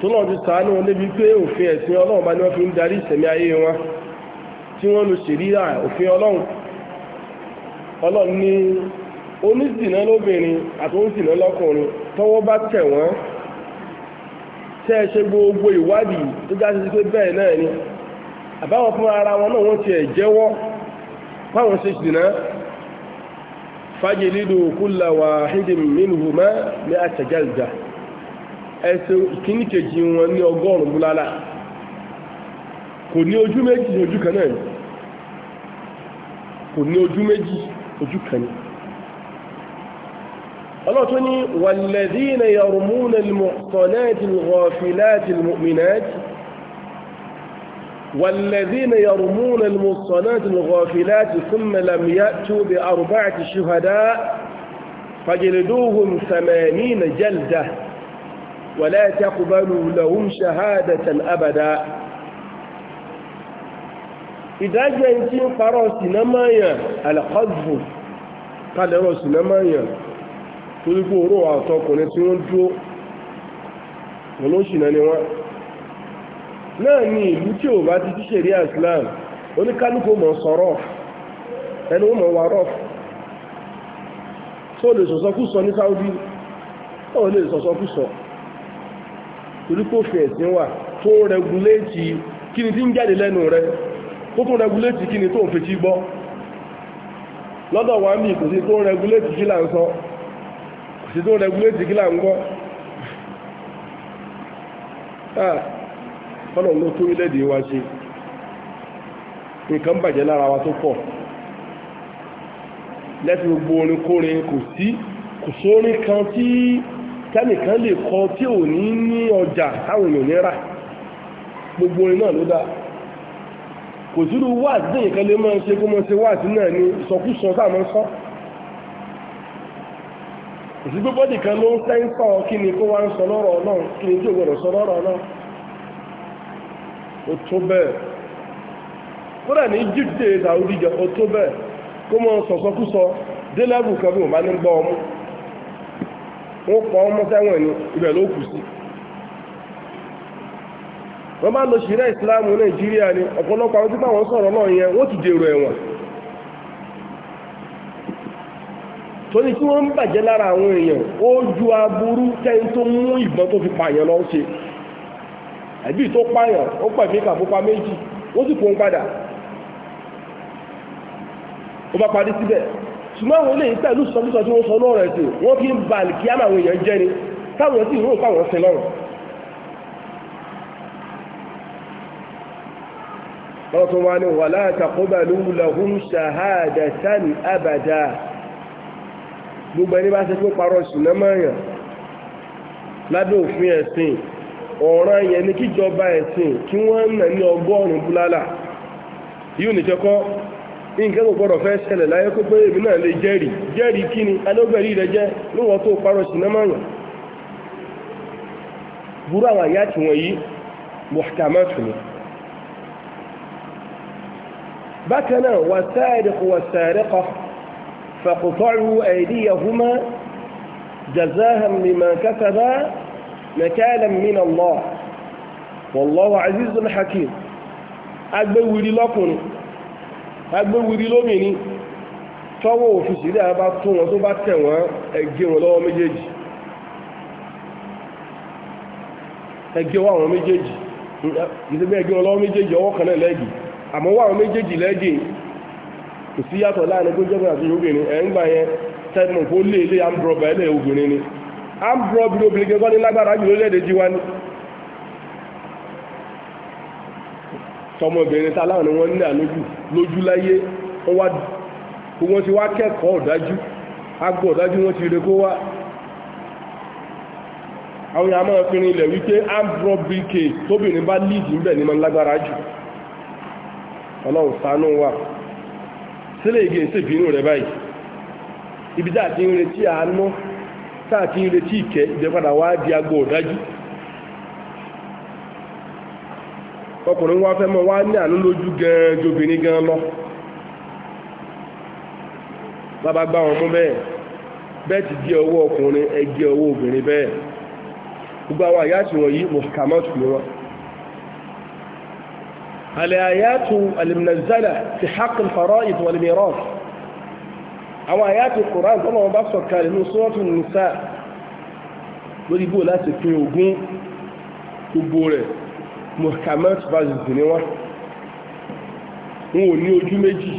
tó lọ́n ti ṣàánú wọn débi pé òfin ẹ̀sìn ọlọ́run bá ní wọ́n fi ń darí ìsẹ̀mí ayé wọn tí wọ́n lu ṣèríà òfin ọlọ́run ọlọ́run ní oníṣìnà lóbìnrin àti oníṣìnà lọ́kùnrin tọ́wọ́ bá tẹ̀ wọ́n tẹ́ ẹ ṣe gbogbo ìwádìí tó já sí pé bẹ́ẹ̀ náà ni àbáwọn fún ara wọn náà wọ́n ti ẹ̀ jẹ́wọ́ báwọn ṣe ṣìnà fájìlídò kúlà wà hídìm mínú má ní àtẹ̀jálìjà ẹsẹ̀ ìkíní kejì wọn ní ọgọ́rùn-ún múlálà kò ní ojú méjì ojú kan náà kò ní ojú méjì ojú kan ní ọlọ́tún ní wàlẹ̀dí yàrùmúnà lè mọ̀tọ̀lẹ́tì lọ́fìlẹ́tì lọ́mìnàtì والذين يرمون المصنات الغافلات ثم لم يأتوا بأربعة شهداء فجلدوهم ثمانين جلدة ولا تقبلوا لهم شهادة أبدا إذا جئتين فرص نمايا القذف قال رأس نمايا تلقوا روعة تقنطين جو ولو نواء náà ni ìlú tí ò bá ti ti ṣe rí islam oníkálukú mọ̀ sọ̀rọ̀ ẹnu mọ̀ wà rọ̀ tó lè sọ̀sọ́kúsọ ní Saudi ó lè sọ̀sọ́kúsọ torí kó fi ẹ̀sìn wà tó rẹguléètì kíni tí ń jáde lẹ́nu rẹ tó tún rẹguléètì kíni tó ń fi tí gbọ́ lọ́dọ̀ wà ní ìkòsí tó rẹguléètì kí là ń sọ kòsí tó rẹguléètì kí là ń gbọ́ ah kọ́lọ̀ ló tó ilẹ̀-èdè wa ṣe nǹkan bàjẹ́ lára wa tó pọ̀ lẹ́tí gbogbo orin kórin kò sí kò sórin kan tí tẹ́nìkan lè kọ tí ò ní ní ọjà táwọn èèyàn ní rà gbogbo orin náà ló dá kò sírú wáàtí tí nǹkan lè máa ṣe kó mọ́ ṣe wáàtí náà ni sọkúsọ táwọn ń sọ kò sí kí ni kó wá ń sọ lọ́rọ̀ Ọlọ́run kí ni tí ò gbọdọ̀ sọ lọ́rọ̀ Ọlọ́run ó tó bẹ́ẹ̀ kódà ní jíjìdè Saudi jẹ ó tó bẹ́ẹ̀ kó mọ sọ̀sọ́kúsọ délẹ́bù kan bí wọ́n bá ní gbọ́ ọmú wọ́n pọ̀ ọmọ sẹ́wọ̀n ní ibẹ̀ ló kù sí wọ́n bá lọ ṣìírẹ́ ìsìláàmù Nàìjíríà ni ọ̀pọ̀lọpọ̀ àwọn tí báwọn sọ̀rọ̀ náà yẹn wọ́n ti dèrò ẹ̀wọ̀n torí tí wọ́n ń bàjẹ́ lára àwọn èèyàn ó ju aburú tẹ́ni tó mú ìbọn tó fi pààyàn lọ àbí tó pààyàn ó pẹ̀mí kàpópa méjì ó sì kó ń padà ó bá parí síbẹ̀ ṣùgbọ́n àwọn eléyìí pẹ̀lú sọ́kúsọ tí wọ́n sọ lọ́rọ̀ ẹ̀sìn wọ́n fi ń ba àlìkíyàmà àwọn èèyàn jẹ́ ni táwọn sì rò káwọn sin lọ́rùn wọ́n tún wá ní wàlá taqbalu lahum shahadatan abada gbogbo ẹni bá ṣe pé parọ́ ìṣúná mọ́yàn lábẹ́ òfin ẹ̀sìn ọ̀ràn yẹn ni kíjọba ẹ̀sìn kí wọ́n nà ní ọgọ́rùn-ún búlálà yíò ní jẹ́kọ́ nǹkan gbọ́dọ̀ fẹ́ ṣẹlẹ̀ láyé kó pé èmi náà lè jẹ́rìí jẹ́rìí kí ni alógbẹ̀rí rẹ jẹ́ níwọ̀n tó parọ́ sinamáyàn burú àwọn àyà tí wọ́n yí muhkamatu ni bákan náà was-sariqu was-sariqa faqta'u aydiyahuma jazaa'an bima kasaba nakalan min Allah wallahu azizun hakim agbéwìrí lọ́kùnrin agbéwìrí lómìnrin tọ́wọ́ òfìsì rí àbá tó wọn tó bá tẹ̀ wọ́n ẹgbẹ́ wọn lọ́wọ́ méjèèjì ẹgbẹ́ wọn àwọn méjèèjì ìsẹ́gbẹ́ ẹgbẹ́ wọn lọ́wọ́ méjèèjì ọwọ́ kan náà lẹ́gì àmọ́ wọn àwọn méjèèjì lẹ́gì kò sí yàtọ̀ láàrin gbójẹ́gbẹ́ àti obìnrin ẹ̀ ń gbà yẹn tẹ́gbọ̀n kó lé ilé àmúrọ̀bà ilé obìnrin ni armed robbery obìnrin gẹ́gọ́ ní lágbára jù lórílẹ̀-èdè jíwá ní tọmọbìnrin taláwọn ni wọ́n nílà lójú lójú láyé wọ́n ti wá kẹ́kọ̀ọ́ ọ̀dájú agbó ọ̀dájú wọ́n ti rekó wá àwọn yàmá ọ̀fìnrin ilẹ̀ wípé armed robbery case tóbìnrin bá líìdì ńbẹ̀ ní ma lágbára jù ọlọ́run ṣàánú wa sílẹ̀ ìgbẹ̀ ìsèbínú rẹ̀ báyìí ibi dáàtí ń retí àánú táàkì ilé tí ìkẹ́ ìjẹpadà wá di agbó ọ̀dájú ọkùnrin wá fẹ́ mọ́ wá ní àánú lójú gan jobìnrin gan lọ bàbá gbá wọn mú bẹ́ẹ̀ bẹ́ẹ̀ ti gé ọwọ́ ọkùnrin ẹ gé ọwọ́ obìnrin bẹ́ẹ̀ gbogbo àwọn àyàtì wọ̀nyí wọ́n alẹ́ àyàtù alìmọ̀nàzálà àwọn àyàtò koran tọ́nà wọn bá sọ̀kalẹ̀ ní sọ́ọ̀tù nìsá lórí bó láti pin ogún gbogbo rẹ̀ muhammad versus ni wọ́n wọn ò ní ojú méjì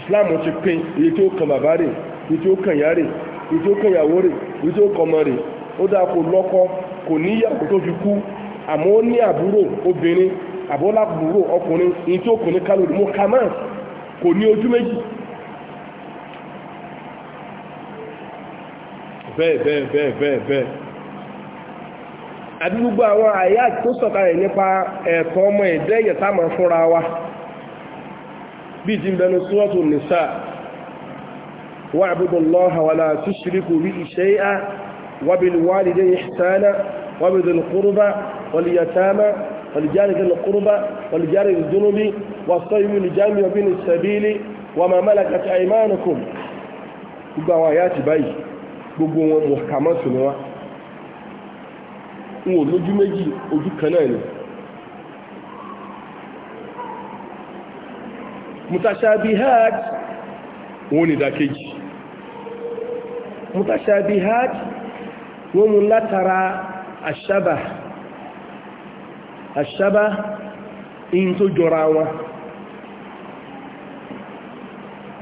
islam ti pin èyí tó kàn bàbá rẹ̀ èyí tó kàn yá rẹ̀ èyí tó kàn yàwó rẹ̀ èyí tó kàn ọmọ rẹ̀ ó dáa kò lọ́kọ kò níyàwó tó fi kú àmọ́ ó ní àbúrò obìnrin àbọ́lábùrò ọkùnrin èyí tó kùnrin kálórì muhammad kò ní ojú méjì bẹ́ẹ̀ bẹ́ẹ̀ bẹ́ẹ̀ bẹ́ẹ̀ bẹ́ẹ̀ àbí gbogbo àwọn àyà tó sọ̀kalẹ̀ nípa ẹ̀kọ́ ọmọ ẹ̀dẹ́ ìyẹ̀tá máa fúnra wa bí ti ń bẹnu súrọ́tù nìsà wa'budu Allaha wa la tushriku bihi shay'an wa bil walidayni gbogbo wọn mọ̀kàmọ́sù ni wá wọn ò lójú méjì ojú kan náà ni mutashabihat wọn ni dákejì mú látara àṣàbà àṣàbà in tó jọra wọn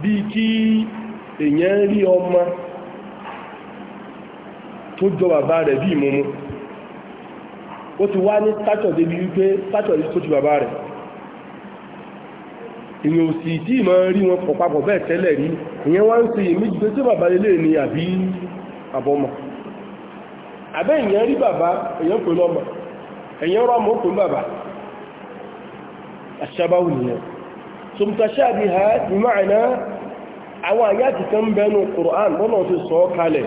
bí kí tó jọ bàbá rẹ̀ bí ìmúmú ó ti wá ní sátọ̀dé bí wípé sátọ̀dé tó ti bàbá rẹ̀ ò sì tí ìmọ̀ rí wọn pọ̀ papọ̀ bẹ́ẹ̀ tẹ́lẹ̀ rí ìyẹn wá ń ṣe ìmíjì pé tí bàbá lélẹ̀ ni àbí àbọ̀mọ̀ àbẹ́ ìyẹn rí bàbá èyàn pè lọ́mọ èyàn rọ́ bàbá nìyẹn ha ìmáàná àwọn àyá ti kan bẹnu Qur'an lọ́nà tó sọ kalẹ̀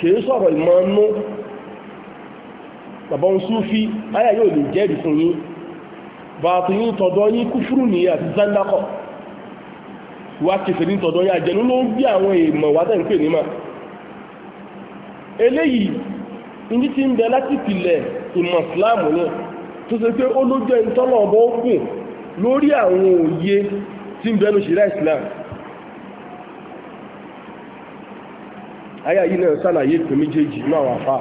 kìí sọ̀rọ̀ ìmọ̀ọ́nú bàbá ń súfí ayà yóò lè jẹ́rì fún yín bàtí yí tọ̀dọ̀ yí kúfúrú ní àti zandakọ̀ wá kìfẹ̀ ní tọ̀dọ̀ yí àjẹ̀nú ló ń gbé àwọn èèmọ̀ wá tẹ́ ń pè níma eléyìí ní ti ń bẹ láti pìlẹ̀ ìmọ̀ ìsìláàmù ní tó ṣe pé ó ló jẹ́ ìtọ́lọ̀ ọbọ̀ ó kù lórí àwọn òye tí àyà yìí náà sàlàyé pé méjèèjì náà wà fà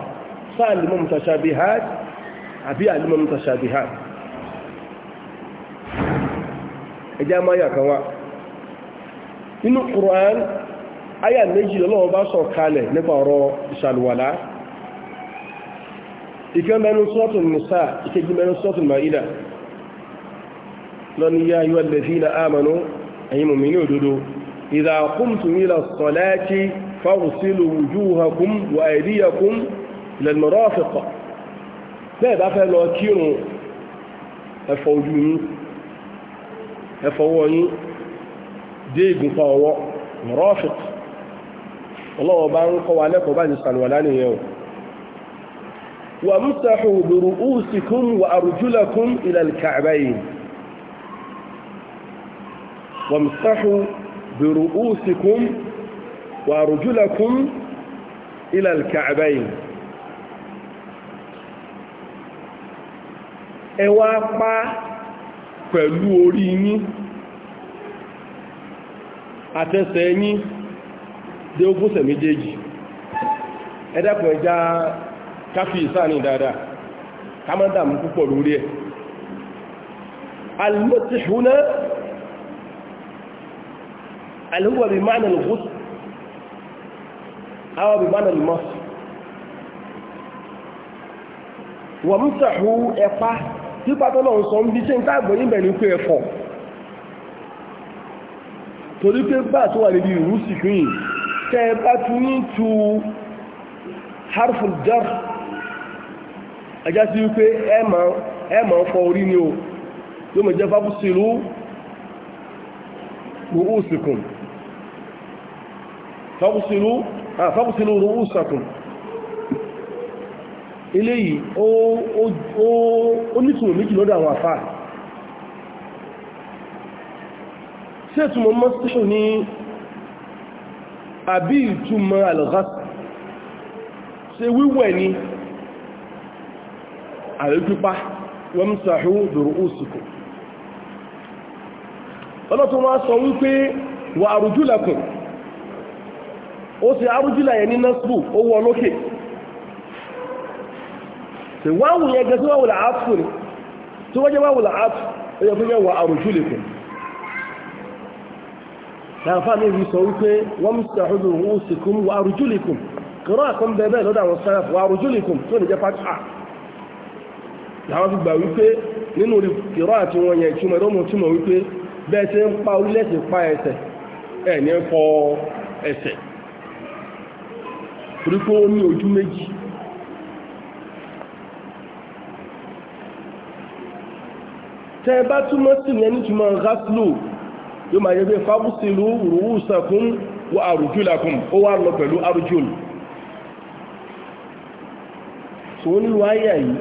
sáà lèmọ́ mutashabihat àbí àlèmọ́ mutashabihat ẹjá máa yà kan wá inú Qur'an àyà méjì lọ́wọ́ bá sọ kalẹ̀ nípa ọ̀rọ̀ ìṣàlùwàlá ìkan mẹ́nu suratul Nisa ìkejì mẹ́nu suratul Maida lọ́ni yá yíwá lẹ́fí na ámànú ẹ̀yin mùmínú òdodo idha qumtum ila salati فاغسلوا وجوهكم وايديكم الى المرافق لا دافع لو كيرو افوجوني افوجوني دي بفاو مرافق الله بان قوا لك وبان سال ولا يوم وامسحوا برؤوسكم وارجلكم الى الكعبين وامسحوا برؤوسكم wa rujulakum ila al-ka'bayn ẹ wá pa pẹ̀lú orí yín àtẹsẹ̀ yín dé ogúnṣẹ̀ méjèèjì ẹ dákun ẹja káfí ìsáàní dáadáa ká má dàmú púpọ̀ lórí ẹ̀ al-mutihuna alhuwa bi ma'na al-ghusl àwọn bìbánà lè mọ́ wọ́n mú sàhú ẹ̀pá tí pátọ́lọ̀ ń sọ ń bí ṣe ń tàgbọ̀ níbẹ̀ ní pé ẹ̀kọ́ torí pé bá tó wà níbi ìrú sì fún yìí tẹ́ ẹ bá tún ní tu harful jar ajá sí wípé ẹ máa fọ orí ni o yóò mọ̀ jẹ́ fábúsìlú ru'usikum fábúsìlú àfákùsílù rúúsàkùn eléyìí ó nítorí méjì lọ́dọ̀ àwọn àfáà sí ẹ̀tùmọ̀ mọ́sílù ní àbí ìtumọ̀ alọ́gásì ṣe wíwẹ̀ ni àríkúpá wọ́n sàáhù dòrò òsìkò ọlọ́tún wá sọ wípé wà àrùjúlẹ̀kùn ó ti arújúlà ya ní nọ́sbù ó wọ lókè tí wọ́n wù yẹn gẹ́ tí wọ́n wù làátù ni tí wọ́n jẹ́ wọ́n wù làátù ó yẹ fún yẹn wọ àrùjú kù láàfáà mi sọ wípé wọ́n mú sí àhúdù òun sì kún wọ àrùjú kù kìrọ́ àkọ́ bẹ́ẹ̀ lọ́dọ̀ àwọn sáyàf wọ àrùjú kù tí a. ní jẹ́ pátá làwọn fi gbà wípé nínú kìrọ́ àti wọn yẹn ìtumọ̀ túmọ̀ wípé bẹ́ẹ̀ ń pa orílẹ̀ torí pé ó ní ojú méjì tẹ́ bá túmọ̀ sí yẹn nítumọ̀ gáflò yóò máa yẹ pé fábùsìlú rùúsàkún wọ àrùjúlàkún ó wà lọ pẹ̀lú àrùjúl tó ní wáyà yìí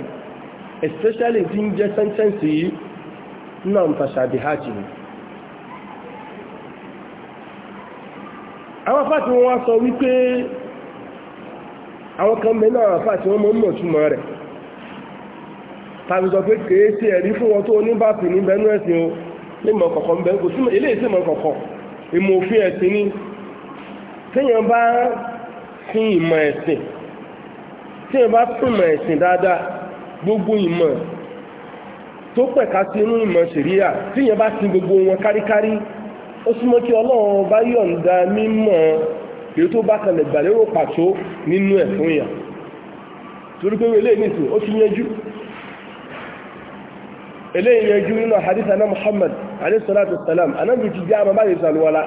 especially tí ń jẹ́ sẹ́ńtẹ́ǹsì yìí náà ń tàṣàbí hajj ni àwọn fàtí wọn wá sọ wípé àwọn kan bẹ náà àfà tí wọ́n mọ̀ ń mọ̀ túmọ̀ rẹ̀ tàbí sọ pé kèé sí ẹ̀rí fún wọn tó oníbàpì ní bẹnu ẹ̀sìn o lè mọ̀ kọ̀kọ̀ ń bẹ kò sí ilé ìsìn mọ̀ kọ̀kọ̀ ìmọ̀ òfin ẹ̀sìn ni téèyàn bá fún ìmọ̀ ẹ̀sìn téèyàn bá fún ìmọ̀ ẹ̀sìn dáadáa gbogbo ìmọ̀ tó pẹ̀ka sí inú ìmọ̀ ṣèríà téèyàn bá sin gbogbo wọn káríkárí ó súnmọ́ kí Ọlọ́run bá yọ̀ǹda mímọ̀ èyí tó bá kalẹ̀ gbàlérò pàtó nínú ẹ̀ fún yàn torí pé eléyìí nìsín ó ti yanjú eléyìí yanjú nínú hadith aná Muhammad alayhi salatu wassalam anábì ti já àmàbá yìí sàlùwàlá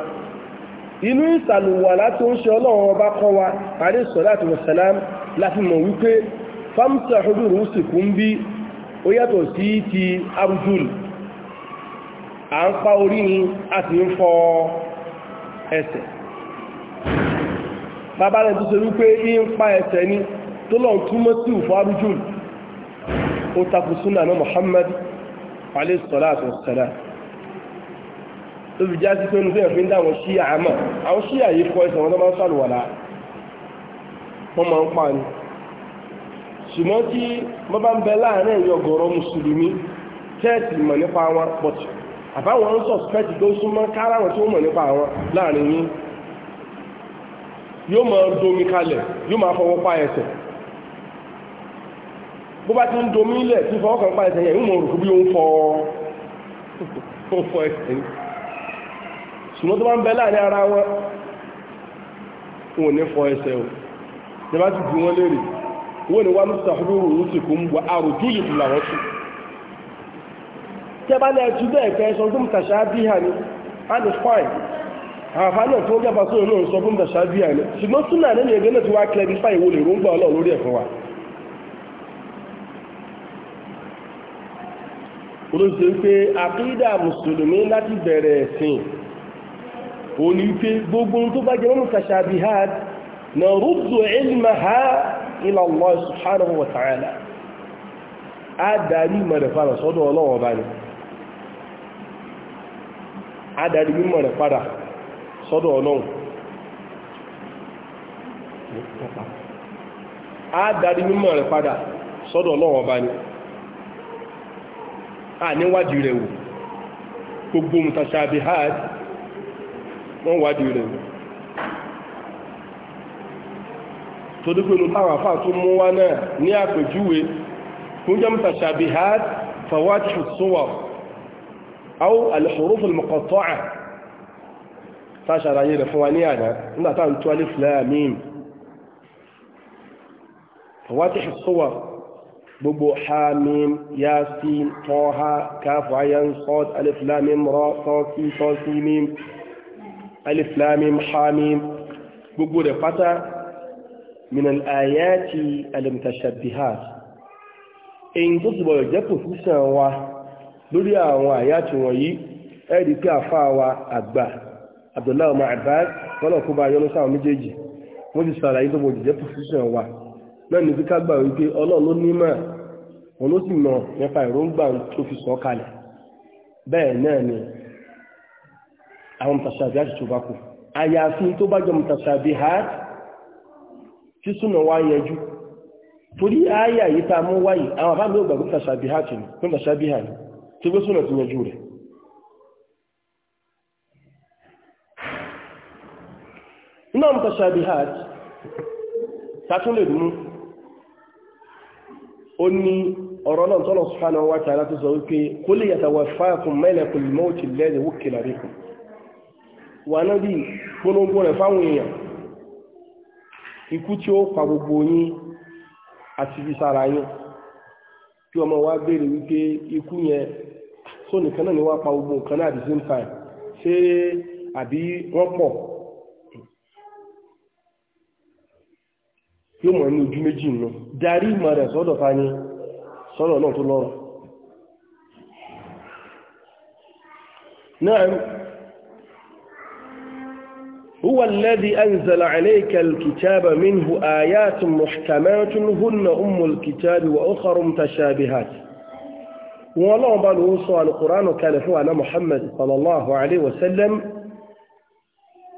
inú ìsàlùwàlá tó ń ṣe ọlọ́run ọba kọ́ wa alayhi salatu wassalam láti mọ̀ wípé famsahu bi ru'usikum bí ó yàtọ̀ sí ti arjul à ń pa orí ni a sì ń fọ ẹsẹ̀ bàbá rẹ̀ tó ṣe wípé ń pa ẹsẹ̀ ni tó lọ túmọ̀ sí ìfọ́rújù ó takù súnà náà Muhammad alayhi salatu wassalam tó fi já sí pé ní sẹ́yìn fi ń dá àwọn ṣíyà àmọ́ àwọn ṣíyà yìí kọ ẹsẹ̀ wọn tó máa pa ni ṣùgbọ́n tí wọ́n bá ń bẹ láàárín ẹ̀yìn ọ̀gọ̀rọ̀ mùsùlùmí tẹ́ẹ̀tì mọ̀ nípa wọn pọ̀tù yìí yóò máa domi kalẹ̀ yóò máa fọwọ́ pa ẹsẹ̀ bó bá ti ń domi ilẹ̀ tí fọwọ́ kan pa ẹsẹ̀ yẹn yóò mọ̀ rò bí ó ń fọ [laughs] ó fọ ẹsẹ̀ ni ṣùgbọ́n tó bá ń bẹ láàrin ara wọn wọn ò ní fọ ẹsẹ̀ o ní bá ti bí wọn léèrè wọn ni wà ní sàfúrú òun sì kún wọ àròjú yìí làwọn tún tẹ́ bá lẹ́ẹ̀tú bẹ́ẹ̀ fẹ́ sọ tó mú tàṣà bí and it's fine àfá náà tí wọ́n náà sọ fún dàṣáájú àná ṣùgbọ́n súnà náà ẹgbẹ́ náà ti wá clarify ìwò lè rúgbà ọlọ́run lórí ẹ̀fọ́ wa olóṣèlú pé àkídà mùsùlùmí láti bẹ̀rẹ̀ ẹ̀sìn òní gbogbo tó bá jẹ́ mọ́nù na rúdù ilmaha ila Allah subhanahu a darí mọ̀rẹ̀ padà sọ́dọ̀ ọlọ́wọ̀ bá ní a mọ̀rẹ̀ padà sọ́dọ̀ ọlọ́run a darí mímọ̀ rẹ̀ padà sọ́dọ̀ ọlọ́run ọba ni a níwájú rẹ̀ wò gbogbo mutashabihat wọ́n wájú rẹ̀ wò tó dúpé ní táwọn tó mú wá náà ní àpèjúwe fún jẹ́ mutashabihat fawatihu suwar aw al-huruf al-muqatta'a táṣàràyé rẹ̀ fún wa ní àná nígbàtà ń tó alif láàmín fọwátí ṣùsọ́wà gbogbo hamim yasin tọ́ha káfù ayan sọ́d alif láàmín rọ́ sọ́sí sọ́sí mím alif láàmín hamim gbogbo rẹ̀ pátá minal ayati alimtashabihat èyí tó ti bọ̀rọ̀ jẹ́ pòsíṣàn wa lórí àwọn àyàtì wọ̀nyí ẹ̀rí pé àfáà wa àgbà abdullahi ọmọ abbas kọ́lọ̀ kó bá yọnu sáwọn méjèèjì wọ́n ti sàlàyé tó bòjì jẹ́ pòsíṣàn wa náà ní fíkà gbà wípé ọlọ́run ló nímọ̀ ni àwọn mùtàṣàbí àti tòbá kù àyàfi tó bá jẹ mùtàṣàbí ha tí súnà wá yẹjú torí ayé àyíká mú wáyé àwọn àbámi ò gbàgbé mùtàṣàbí ha tì ní mùtàṣàbí ha ní tó gbé súnà ti yẹjú rẹ̀ ṣùgbọ́n mutashabihat tàtún lè dúnú ó ní ọ̀rọ̀ náà tọ́lọ̀ subhanahu wa ta'ala tó sọ wípé qul yatawaffakum malakul mawti alladhi wukkila bikum wà náà bí gbóngbó rẹ̀ fáwọn èèyàn ikú tí ó pa gbogbo yín àti fi sára yín tí ọmọ wa béèrè wípé ikú yẹn tó nìkan náà ni wá pa gbogbo nǹkan náà at same time ṣé àbí wọ́n pọ̀ yóò mọ̀ ní ojú méjì nù darí ìmọ̀ rẹ̀ sọ́dọ̀ ta ni sọ́dọ̀ náà tó lọ́rọ̀ náà هو الذي أنزل عليك الكتاب منه آيات محكمات هن أم الكتاب وأخر متشابهات والله بل وصى القرآن كان فيه على محمد صلى الله عليه وسلم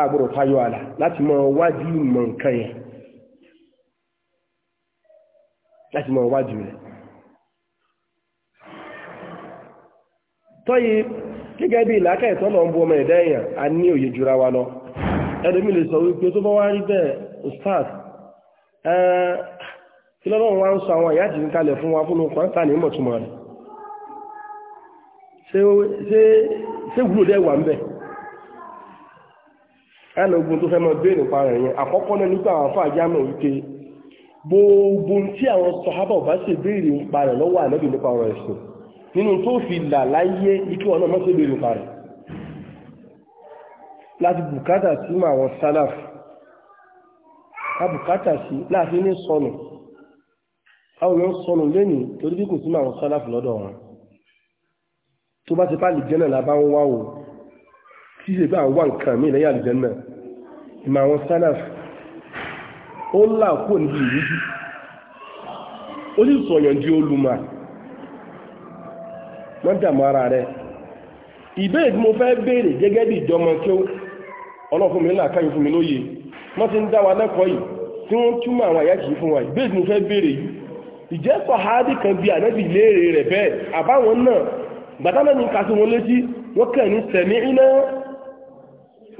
àgbọ̀rọ̀ tayọ àlà láti mọ wádìí mọ̀ nǹkan yẹn láti mọ wádìí rẹ̀ tọ́yí gẹ́gẹ́ bí ìlàkẹ́ ìtọ́nà ń bú ọmọ ẹ̀dá èèyàn a ní òye jura wa lọ ẹlòmí lè sọ wípé tó bá wá rí bẹ́ẹ̀ ustaz kí lọ́lọ́run wá ń sọ àwọn ìyá jìnnì kalẹ̀ fún wa fún un kan sáà ní mọ̀túnmọ̀ rẹ̀ ṣé wúlò dẹ́ wà ń bẹ́ẹ̀ ẹnna ogun tó fẹ́ mọ bẹ́ẹ̀ nípa rẹ̀ yẹn àkọ́kọ́ náà nípa àwọn afáàjámọ̀ wípé gbogbo tí àwọn sọ̀hábà ọba ṣe béèrè nípa rẹ̀ lọ́wọ́ ànábì nípa ọ̀rọ̀ ẹ̀sìn nínú tó fi là láyé ikú ọ̀nà mọ́ sí béèrè nípa rẹ̀ láti bùkátà sí mọ àwọn sálàf ká bùkátà sí láti ní sọnù àwọn èèyàn sọnù lénìí torí bí kò sí mọ àwọn sálàf lọ́dọ̀ wọn tó bá ti pàlì jẹ́ náà lábá ń wá wò kí ṣe bá wà nǹkan mí lẹ́yìn àlùjànnà ìmọ̀ àwọn sálàf ó là níbi ìrújú ó sì di olùmọ̀ wọ́n dàmọ́ ara rẹ̀ ìbéèrè tí mo fẹ́ béèrè gẹ́gẹ́ bí ìjọmọ kí ó ọlọ́fún mi káyìn fún mi lóye wọ́n ti ń dá wa lẹ́kọ̀ọ́ yìí tí wọ́n túmọ̀ àwọn àyájì fún wa ìbéèrè tí mo fẹ́ béèrè yìí ìjẹ́ kan bí ànábì léèrè rẹ̀ bẹ́ẹ̀ àbáwọn náà gbàtánà ní kásí wọn létí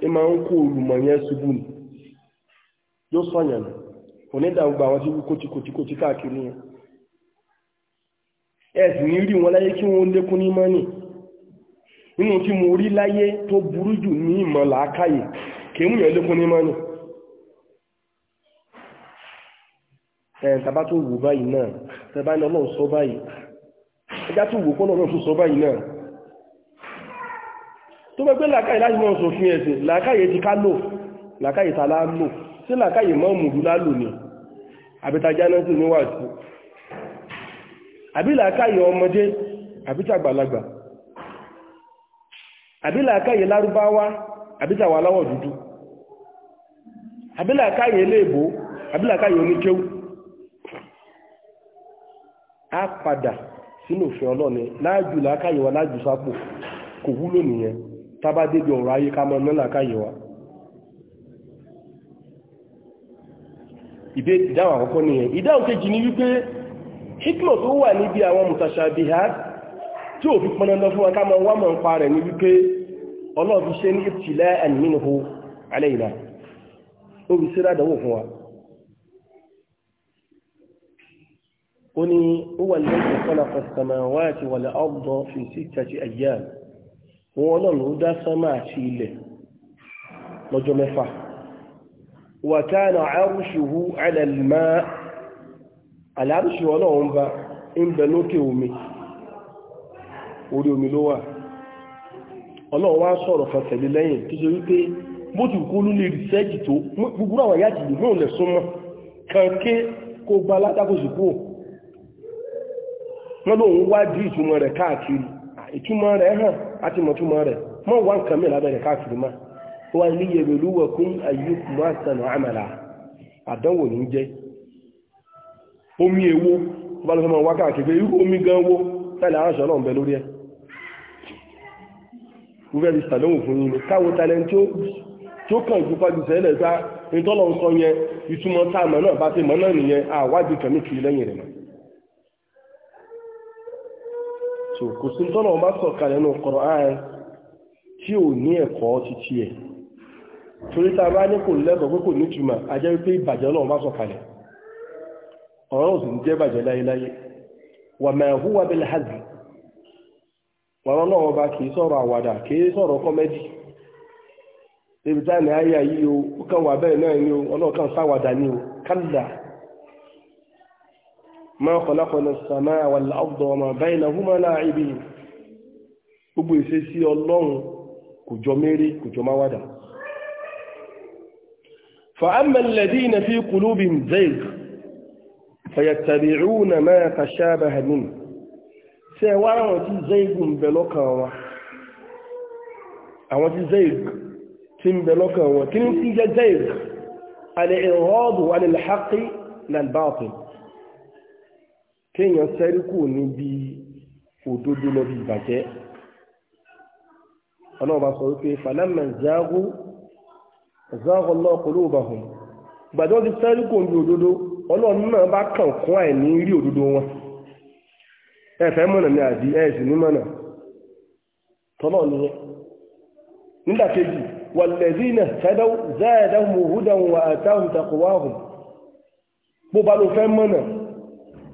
ẹ máa ń kó olùmọ̀ yẹn ṣubú ni yóò sọ̀yàn nù onídàgbà àwọn tí wú kòtíkòtíkòtí káàkiri yẹn ẹ̀sìn ní rí wọn láyé kí wọ́n lékún ní mọ́nì nínú tí mo rí láyé tó burú jù ní ìmọ̀ làákàyè kèmúyàn lékún ní mọ́nì tó bẹ́ pé làkáyè láti mọ́ sòfin ẹ̀sìn làkáyè ti ká lò làkáyè tàlá lò sí làkáyè mọ́ mùdú lálò ní àbítajá náà sí níwàásù àbí làkáyè ọmọdé àbítàgbàlagbà àbí làkáyè lárúbáwá àbítàwà aláwọ̀ dúdú àbí làkáyè eléèbó àbí làkáyè oníkéwú á padà sínú òfin ọlọ́ni láàjù làkáyè wa láàjù sápò kò wúlò nìyẹn tábà débi ọ̀rọ̀ ayé ká mọ́ mọ́là káyẹ̀ wa ìbé ìdáhùn àkọ́kọ́ nìyẹn ìdáhùn kejì ní wípé hikmọ̀ tó wà níbi àwọn mutashabihat tí ò fi pọnà lọ fún wa ká mọ́ wá mọ̀ ń pa rẹ̀ ní wípé Ọlọ́run ní wọn ọlọ́run ó dá sánmà àti ilẹ̀ lọ́jọ́ mẹ́fà wa kana arṣuhu ala al-ma' àlárùṣù ọlọ́run bá ń bẹ lókè omi orí omi ló wà ọlọ́run wá sọ̀rọ̀ fẹ̀fẹ̀lẹ́ lẹ́yìn tó ṣe wípé bó ti kú ló tó gbogbo àwọn yájì yìí náà súnmọ́ kànké kó gba látàkóṣù kúrò wọ́n lóun wá dí ìtumọ̀ rẹ̀ káàkiri ìtumọ̀ rẹ̀ hàn àti mọ̀túmọ̀ rẹ̀ mọ́ wá nǹkan mìíràn abẹ́rẹ̀ káàkiri má wà ní yẹ̀rẹ̀lú wẹ̀kún ayyukum ahsanu amala àdánwò ní jẹ́ omi èwo bá lọ́sọ́mọ̀ wá káàkiri irú omi gan wo tẹ́lẹ̀ aránṣọ́ náà ń bẹ lórí ẹ̀ ti so kò sí tọ́nà ọba sọ̀kalẹ̀ nínú Kùránì tí ò ní ẹ̀kọ́ títí ẹ̀ torí tá a bá ní kò lẹ́kọ̀ọ́ pé kò ní ìtumọ̀ a jẹ́ wípé ìbàjẹ́ náà ọba sọ̀kalẹ̀ ọ̀rọ̀ òsì ń jẹ́ bàjẹ́ láyéláyé wà máa hùwà bil hazl náà sọ̀rọ̀ àwàdà sọ̀rọ̀ kọ́mẹ́dì ebi táà ní ayé ayé o ó kàn wà bẹ́ẹ̀ náà ni o ọlọ́ọ̀kan sáwàdà ni o ما خلقنا السماء والأرض وما بينهما لاعبين gbogbo ìṣesí ọlọ́run kò jọ mẹ́rẹ́ kò jọ máa wádà فأما الذين في قلوبهم زيغ فيتبعون ما تشابه منه ṣe wá àwọn tí zeigu ń bẹ lọ́kàn wọn àwọn tí zeig ti ń bẹ lọ́kàn wọn kí ní jẹ́ zeig alẹ́ ìrọ́dù alẹ́ ìlhàkí lẹ́lbáàtì kéèyàn sẹ́ríkù níbi òdodo lọ bí ìbàjẹ́ ọlọ́ọ̀bá sọ wípé falamma zaagu zaagu Allah qulubahum gbàdọ́ ti sẹ́ríkù níbi òdodo ọlọ́run náà bá kàn kún àìní rí òdodo wọn ẹ̀fẹ́ mọ̀nà ní àdí ẹ̀sìn ní mọ̀nà tọ́lọ̀ ní nígbàkejì walladhina ihtadaw zaadahum hudan wa atahum taqwahum bó ba ló fẹ́ mọ̀nà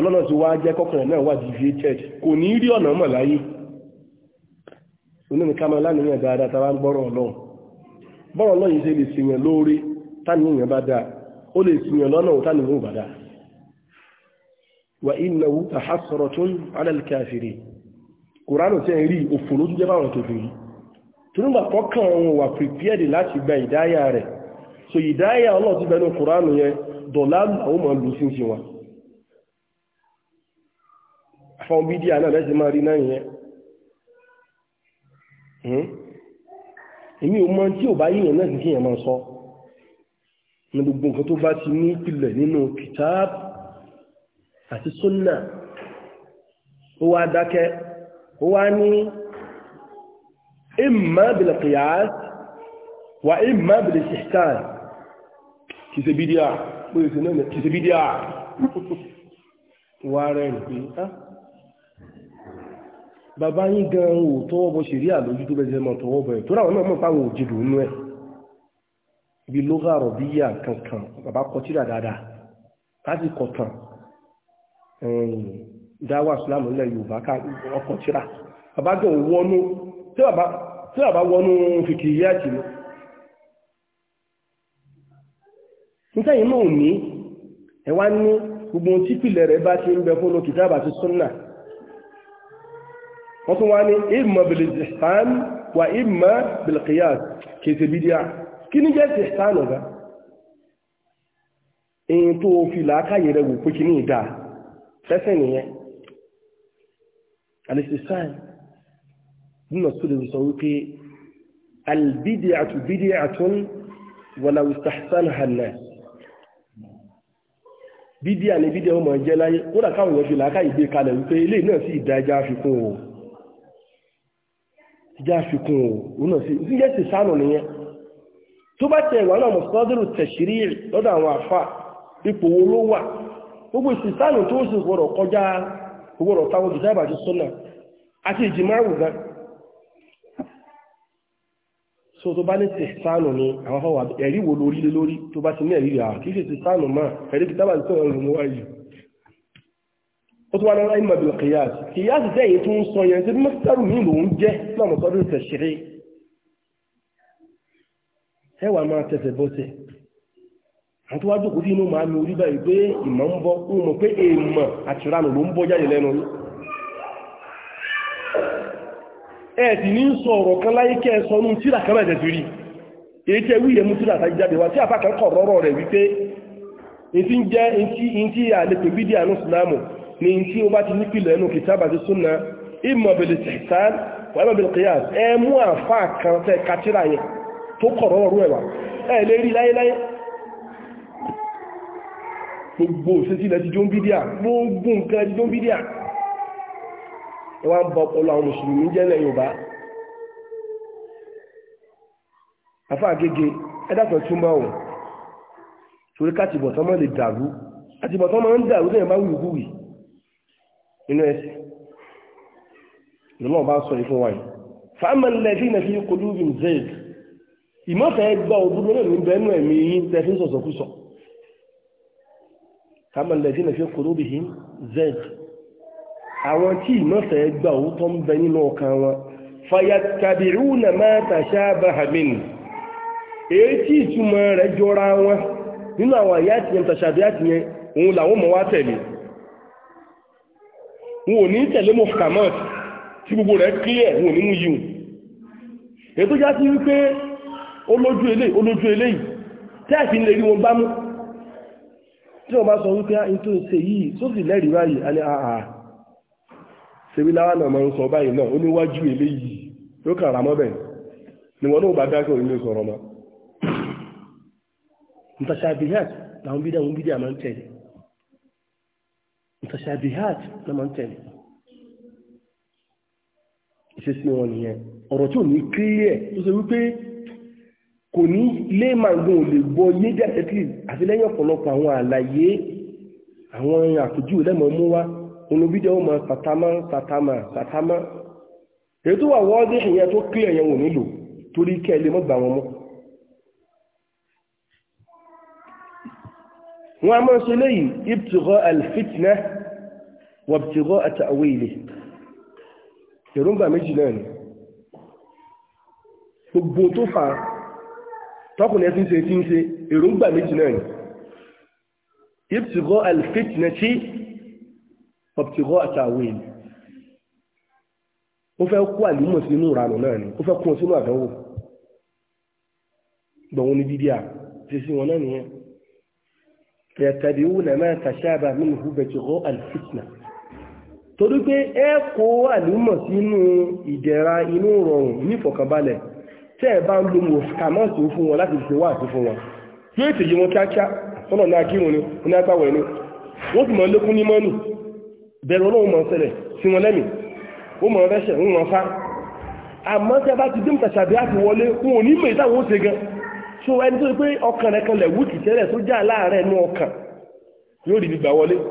ọlọ́nà ti wá jẹ́ kọ́kànlẹ̀ náà wà deviated kò ní rí ọ̀nà mọ̀ láyé onímọ̀ ká máa lánìyàn dáadáa tàbá ń gbọ́rọ̀ ọlọ́run bọ́rọ̀ ọlọ́run yìí ṣe lè sìyàn lóore tánìyàn bá dáa ó lè sìyàn lọ́nà ò tánìyàn ò bá dáa wà innahu tahasratun ala al-kafirin kòránù tẹ́ rí òfò ló jẹ́ báwọn tó fi rí kọ́kàn wọn wà prepared láti gba ìdáyà rẹ̀ so ìdáyà ọlọ́run ti bẹnu kòránù yẹn dọ̀lá àwọn ọmọ lùsíǹsì wọn fọ́n bídíà náà lẹ́sìn máa rí náà yẹn hmm? èmi ò mọ tí ò bá yíyan náà kìí yẹn máa sọ ní gbogbo nǹkan tó bá ti ní ìpìlẹ̀ nínú kìtáàbù àti súnnà ó wá dákẹ́ ó wá ní imma bil qiyas wa imma bil istihsan rẹ̀ ní ah, bàbá yín gan ò tọwọ́ bọ ṣèrí àlójú tó bẹ̀rẹ̀ mọ̀ tọwọ́ bọ̀ ẹ̀ tó ráwọn náà mọ̀ páwọn òjèdò nú ẹ̀ ibi lóga rọ̀bíyà kankan bàbá kọtíra dáadáa láti kọ̀tàn dáwà sùlámù ilẹ̀ yorùbá ká ọkọtíra bàbá gan wọnú tí bàbá wọnú fìkìyà tì ní nítẹ̀yìn náà ní ẹ̀wá ní gbogbo tí pìlẹ̀ rẹ̀ bá ti ń bẹ fún lókìtàbà ti súnnà wọ́n tún wá ní ìmọ̀ bilistihsan wà ìmọ̀ bilqiyas kèsè bídíà kí ní jẹ́ istihsan ọ̀gá èyí tó fi làákàyè rẹ̀ wò pé kí ní ìdá fẹ́sẹ̀ nìyẹn alistihsan nínú sódò sọ wípé albidiatu bidiatun wàlà istihsan hànà bídíà ni bídíà ó jẹ́ láyé kódà káwọn fi làákàyè gbé kalẹ̀ wípé ilé náà sì ìdájá fi kún o já fikún o òun náà sí sí jẹ́ sì sánù nìyẹn tó bá tẹ ìwà náà mọ̀sọ́dúrù tẹ̀sírí lọ́dọ̀ àwọn àfa ipò wo ló wà gbogbo sì sánù tó sì gbọdọ̀ kọjá gbọdọ̀ táwọn jùlọ sọ́nà àti ìjìmọ̀ so tó bá ní ni àwọn afọwà ẹ̀rí wo lórí lórí tó bá ti ní ẹ̀rí rà kí sì ó tó wá lọ́rọ̀ ìmọ̀ bí kìyàs kìyàs jẹ́ èyí tó ń sọ yẹn tí mọ́sítẹ́rù mi lòún jẹ́ lọ́nà tọ́dún tẹ̀sírí ẹwà máa tẹ̀sẹ̀ bọ́sẹ̀ àti wájú kò sí inú màá mi orí báyìí pé ìmọ̀ ń bọ́ ó mọ̀ pé èèmọ̀ àti ìranù ló ń bọ́ jáde lẹ́nu ẹ sì ní sọ ọ̀rọ̀ kan láyé kẹ́ ẹ sọ ní tíra kan mẹ́tẹ̀ sí rí èyí tẹ́ wíyẹ mú tíra tàbí jáde wá tí àfà kọ̀ rọ́rọ̀ rẹ̀ wípé èyí jẹ́ èyí tí àlepè bídíà ní ìsìlámù ní tí ó bá ti nípìlẹ̀ ẹnu kìtàbà ti súnà ìmọ̀ bèlè tẹ̀sán wàhálà bèlè kìyàs ẹ mú àfà kan tẹ kátírà yẹn tó kọ̀rọ̀ ọ̀rọ̀ ẹ̀wà ẹ lè rí láyéláyé gbogbo òṣèṣì ilẹ̀ ti jó ń bídíà gbogbo nǹkan ti jó ń bídíà ẹ wá ń bọ ọpọlọ àwọn mùsùlùmí jẹ́lẹ̀ Yorùbá àfà gègé ẹ dàpọ̀ túnbọ̀ ọ̀hún torí káàtìbọ̀ tọ́mọ́ lè dàrú àtìbọ̀ tọ́mọ́ ń dàrú lẹ́yìn bá wùwù inú ẹ̀sìn lọ́wọ́ bá sọ ìfún wáyé fàámàn lẹ́fí na fi kò lúbi zed ìmọ́fẹ́ gbọ́ òbúrú náà ní bẹ́ẹ̀nù ẹ̀mí yìí tẹ́fí sọ̀sọ̀kúsọ̀ fàámàn lẹ́fí na fi kò lúbi zed àwọn tí ìmọ́fẹ́ gbà ó tọ́ ń bẹ nínú ọkàn wọn n ò ní tẹ̀lé mọ̀fùkàmọ́t tí gbogbo rẹ̀ clear n ò ní mú yíò èyí tó já sí wípé olójú eléyìí olójú eléyìí tẹ́ẹ̀sì ń lè rí wọn bá mú tí wọ́n bá sọ wípé a ah, tó ṣe yìí sófì lẹ́rìí báyìí a ní àà ah, ah. ṣebí láwá náà máa ń sọ báyìí náà ó níwájú eléyìí ló kàn rà mọ́bẹ̀ ni wọ́n náà bá dákẹ́ òní lè sọ̀rọ̀ mọ́ ntasàbíhẹ́t làwọn bídà wọn bídà máa ń tẹ̀lé mutashabihat ló máa ń tẹ̀lé ìṣesí wọn nìyẹn ọ̀rọ̀ tí ò ní clear tó ṣe wípé kò ní lé màgbọ́n ò lè gbọ́ yé dẹ́sẹ̀tì àti lẹ́yìn ọ̀pọ̀lọpọ̀ àwọn àlàyé àwọn àpèjúwe lẹ́mọ̀ mú wá olùbídẹ́ ọmọ sàtámà máa ń ṣe wabtigha'a ta'wilihi èròǹgbà méjì náà ni gbogbo tó fa tọkùnrin ẹtí ń ṣe tí ń ṣe èròǹgbà méjì náà ni ibtigha'a al-fitnati wabtigha'a ta'wilihi ó fẹ́ kó àlùmọ̀ sínú ìranù náà ni ó fẹ́ kó sínú àdánwò gbọ̀wọ́n ní bíbí à ṣe sí wọn náà nìyẹn yẹtàdíwù náà máa tàṣàbà minhu ibtigha'a al-fitna torí pé ẹ kó àlúmọ̀ sínú ìdẹ̀ra inú rọrùn nífọ̀kànbalẹ̀ tẹ́ ẹ bá ń lo mọ̀kàmọ́sì fún wọn láti fi wá àti fún wọn yóò ètè yí wọn kíákíá ọ̀nà ní akírun ni ní apáwẹ̀ ni wọ́n sì mọ̀ lékún ní mọ́nù bẹ̀rù ọlọ́run mọ̀ ṣẹlẹ̀ sí wọn lẹ́mìí ó mọ̀ rẹ́ṣẹ̀ ń wọn fá àmọ́ tí a bá ti dé mùtàṣàbí àti wọlé wọn ò ní mọ̀ ìtàwọn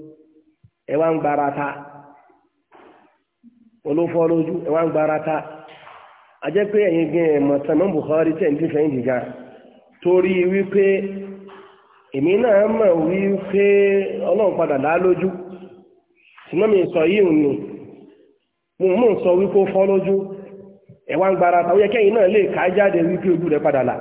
ẹwà ń gbára ta olófọ́ ń gbára a jẹ́ pé ẹ̀yìn gan ẹ̀mọ̀ tẹ̀mọ́ Bukhari tẹ̀ ń torí wípé èmi náà mọ̀ wípé ọlọ́run lójú ṣùgbọ́n mi sọ yìí nù mo mọ̀ sọ wípé ó fọ́ lójú ń gbára ta ó yẹ kẹ́yìn náà lè ká jáde wípé ojú rẹ̀ padà là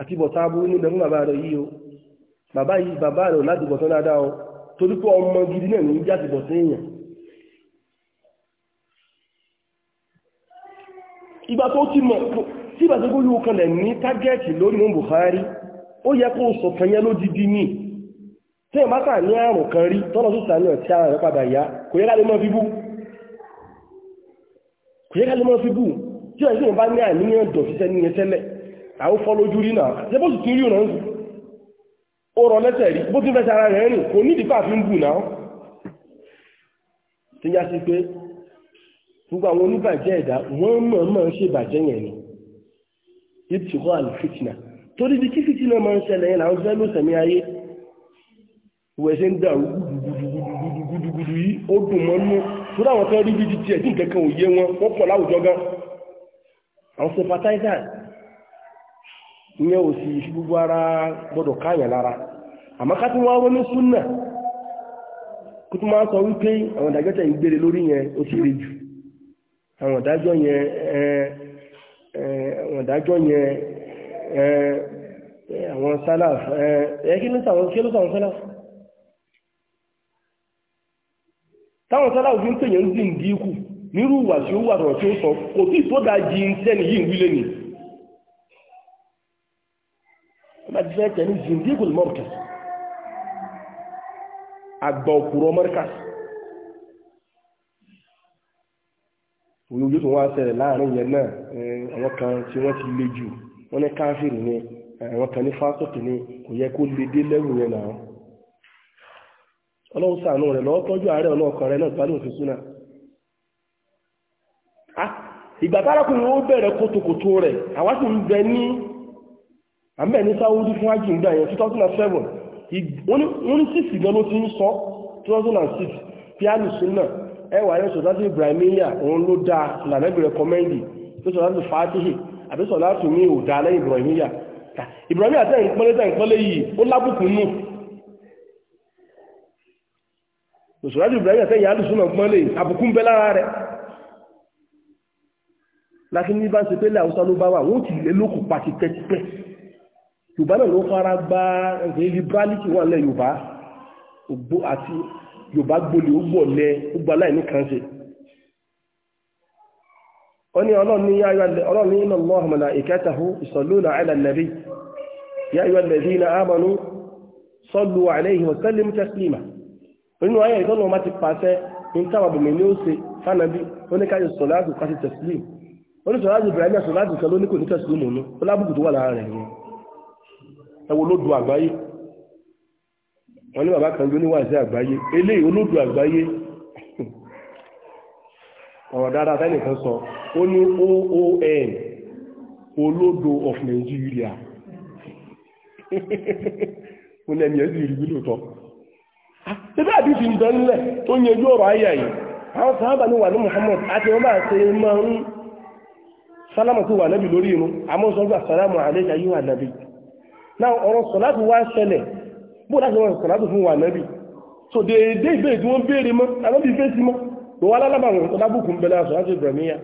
àti bọ̀tá aburú níbẹ̀ fún bàbá rẹ̀ yìí o bàbá yìí bàbá rẹ̀ láti bọ̀tán dáadáa o torí pé ọmọ gidi náà ní í jáde bọ̀tán èèyàn ìgbà tó ti mọ̀ tí ìgbà tó gbóyú kanlẹ̀ ní tágẹ́ẹ̀tì lórí mú Buhari ó yẹ kó sọ kan yẹ lódìdí ní tí ìbá tà ní àrùn kan rí tọ́nà tó sàánà tí ara rẹ̀ padà yá kò yẹ ká lè mọ́ fíbú kò yẹ ká lè mọ́ fíbú tí ọ̀sẹ̀ àwọn fọ́ lójú rí náà ṣe bó sì tún rí ọ̀nà ń ó rọ lẹ́sẹ̀ rí bó ti fẹ́ sára rẹ̀ rìn kò nídìí pàfi ń bù náà tí yá sí pé gbogbo àwọn oníbàjẹ́ ẹ̀dá wọ́n mọ̀ mọ̀ ń ṣe bàjẹ́ yẹn ni ìtìkọ́ àlùfìtìnà torí bí kí fìtìnà máa ń ṣẹlẹ̀ yẹn làwọn fẹ́ ló sẹ̀mí ayé ìwẹ̀ ṣe ń dàrú gudugudugudugudu yìí ó dùn mọ́ nú torí àwọn tó rí bí ti tiẹ̀ tí nǹkan kan ò yé wọn wọ́n pọ̀ láwùjọ gan àwọn sympathizers ìyẹn ò sì ṣe gbogbo ara gbọdọ̀ káyàn lára a ká tí wọ́n ronú súnà kó tó máa sọ wípé àwọn ìdájọ́ tẹ̀ ń gbére lórí yẹn ó ti le jù àwọn ìdájọ́ yẹn àwọn ìdájọ́ yẹn àwọn sálà ẹ̀ kí ló sàwọn kí ló sàwọn sálà táwọn sálà òfin pè yẹn ń dín dínkù nírú ìwà tí ó wà tọ̀ tí ó sọ kò tí advert ẹni zindigul markaz àgbà òkúrọ markaz ojú tó wá ṣẹlẹ̀ láàrin yẹn náà àwọn kan tí wọ́n ti le jù wọ́n ní káfíìrì ni àwọn kan ní fásitì ni kò yẹ kó le dé lẹ́rù yẹn náà ọlọ́run ṣàánú rẹ̀ lọ́wọ́ tọ́jú ààrẹ ọ̀nà ọkàn rẹ̀ náà tó bá lóun fi súnà ìgbà tárakùnrin ó bẹ̀rẹ̀ kótókòtó rẹ̀ àwa sì ń bẹ ní àmì ẹni sáwọ́dí fún ájì ń gbà yẹn 2007 wọ́n ní 6 gan ló ti ń sọ 2006 piano sunna ẹwà yẹn sọ̀dájú ibrahimiya òun ló dáa lànàbì rẹkọmẹ́ndì tó sọ̀dájú fatihi àbí sọ̀dájú mi ò dáa lẹ́yìn ibrahimiya ibrahimiya tẹ́ ń pẹ́lẹ́ tẹ́ ń pẹ́lẹ́ yìí ó lábùkún nù sọ̀dájú ibrahimiya tẹ́ yà á lùsùn náà pẹ́lẹ́ yìí àbùkún bẹ́ lára rẹ̀ láti ní bá ń ṣe pẹ́lẹ́ àwùsá ló bá wà wọ́n ti lé lókùn pàtìpẹ́tìpẹ́ yorùbá náà ló fara gba ẹ̀sẹ̀ liberality wà lẹ́ yorùbá ògbó àti yorùbá gbolè ó gbọ̀ lẹ ó gba láì ní kan ṣe ó ní ọlọ́run ní ọlọ́run ní iná ti pàṣẹ ní táwọn àbùmí ní ó ṣe fánàbí ó ní káyọ̀ sọ̀láàtù kásì tẹ̀sílìm ó ibrahim sọ̀láàtù kan ló ní kò ní tẹ̀sílìm òun ó lábùkù tó wà ẹwọ olódò àgbáyé wọn ní bàbá kan ló ní wàásí àgbáyé eléyìí olódò àgbáyé ọ̀rọ̀ dáadáa tẹ́nìkan sọ ó ní oon olódò of Nigeria ó ní ẹni ẹ̀sìn ìrìbí lóòótọ́ tẹ́bí ah, àdìsí ń bẹ nílẹ̀ tó ń yẹjú ọ̀rọ̀ ayé yìí àwọn sábà ní wà ní Muhammad àti wọn bá ṣe máa ń sálámù tó wà nábì lórí inú àmọ́ sọ́gbà sálámù àlẹ́ ayé wà nábì náà ọ̀rọ̀ sọ̀látù wá ṣẹlẹ̀ bó láti wọ́n sọ̀látù fún wa nẹ́bì so déédé ìbéèrè tí wọ́n béèrè mọ́ àlọ́bí fèsì mọ́ tó wá lálábà wọn tó lábùkù ń bẹ̀rẹ̀ sọ̀látù ibrahimiya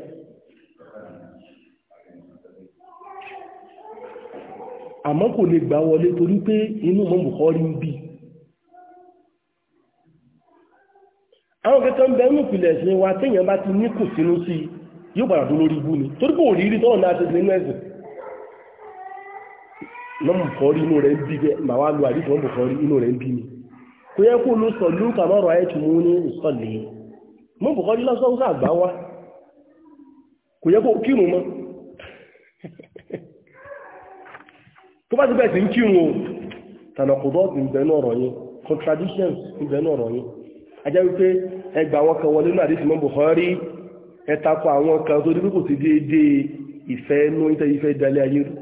àmọ́ kò lè gbà wọlé torí pé inú mọ́ bùkọ́rí ń bì àwọn kẹta ń bẹ inú mọ́mù kọ́rí inú rẹ̀ ń bí bẹ́ẹ̀ màá wá lu àdìsí mọ́mù kọ́rí inú rẹ̀ ń bí mi kò yẹ kó ló sọ lúkà mọ́rọ̀ ayé tó mú ní ìsọ̀lẹ̀ mọ́mù kọ́rí lọ́sọ́ ń sàgbá wá kò yẹ kó kírun mọ́ [laughs] tó bá ti bẹ̀ẹ̀ sí ń kírun o tànàkùdọ́ọ̀tì ń bẹnu ọ̀rọ̀ yẹn contradictions ń bẹnu ọ̀rọ̀ yẹn ajá wípé ẹgbà àwọn kan wọlé náà àdìsí mọ́mù kọ́rí ẹtakọ àwọn kan tó dé pé kò sí déédéé ìfẹ́ inú ìtẹ́ ìfẹ́ ìdálẹ́ ayé rú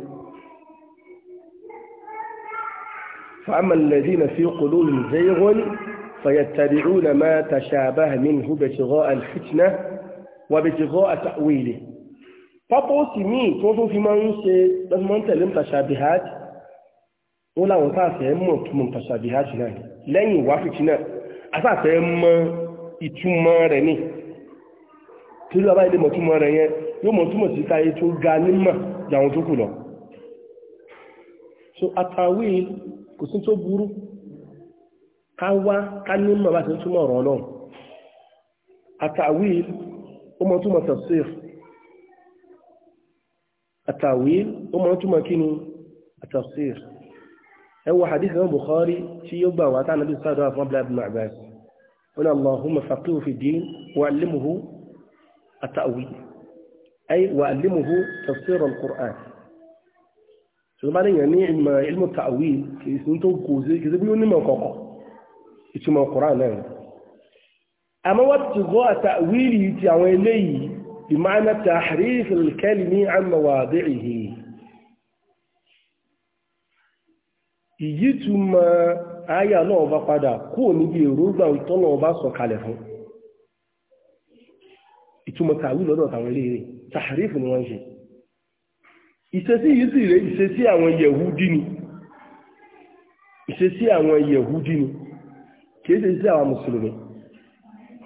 فأما الذين في قلوبهم زيغ فيتبعون ما تشابه منه ابتغاء الفتنة وابتغاء تأويله pọ́pọ́sì míì tó tó fi máa ń ṣe lọ́sọmọ́ntẹ̀lẹ́ mùtàṣàbíháàtì ó láwọn sáàfẹ́ mọ̀ túnmọ̀ mùtàṣàbíháàtì náà lẹ́yìn ìwá fìtì náà asáàfẹ́ mọ̀ ìtumọ̀ rẹ̀ ní tí ó lábáyé mọ̀ rẹ̀ yẹn yóò mọ̀ sí táyé tó ga nímọ̀ kò sí tó burú ká wá ká ní mọ̀ bá ti túmọ̀ ọ̀rọ̀ náà àtàwíl ó mọ túmọ̀ tafsir àtàwíl ó mọ túmọ̀ kí ni tafsir ẹ wo hadith náà Bukhari tí yóò gbà wá tánàbí sáàdọ̀ àfọ́n abdullahi ibn Abbas wọn Allahumma faqihu fi din wa allimhu àtàwíl ay wa allimhu tafsir al-Qur'an ṣùgbọ́n ní ìyẹn ní ìmọ̀ ilmu ta'wil kìí sí tó kù sí kìí sí bí ó nímọ̀ kọ̀kọ̀ ìtumọ̀ Qur'an náà àmọ́ wọ́n ti gọ́ àtàwílì ti àwọn eléyìí ìmáàmà tahrif al-kalimi an mawadi'ihi ìyítùmọ̀ ayà náà bá padà kú níbi èrògbà ìtọ́nà ọba sọ kalẹ̀ fún ìtumọ̀ ta'wil lọ́dọ̀ tàwọn eléyìí tahrif ni wọ́n ṣe ìṣesí yìí sì rẹ̀ ìṣesí àwọn yẹ̀húdí ni ìṣesí àwọn yẹ̀húdí ni kìí ṣe sí àwọn mùsùlùmí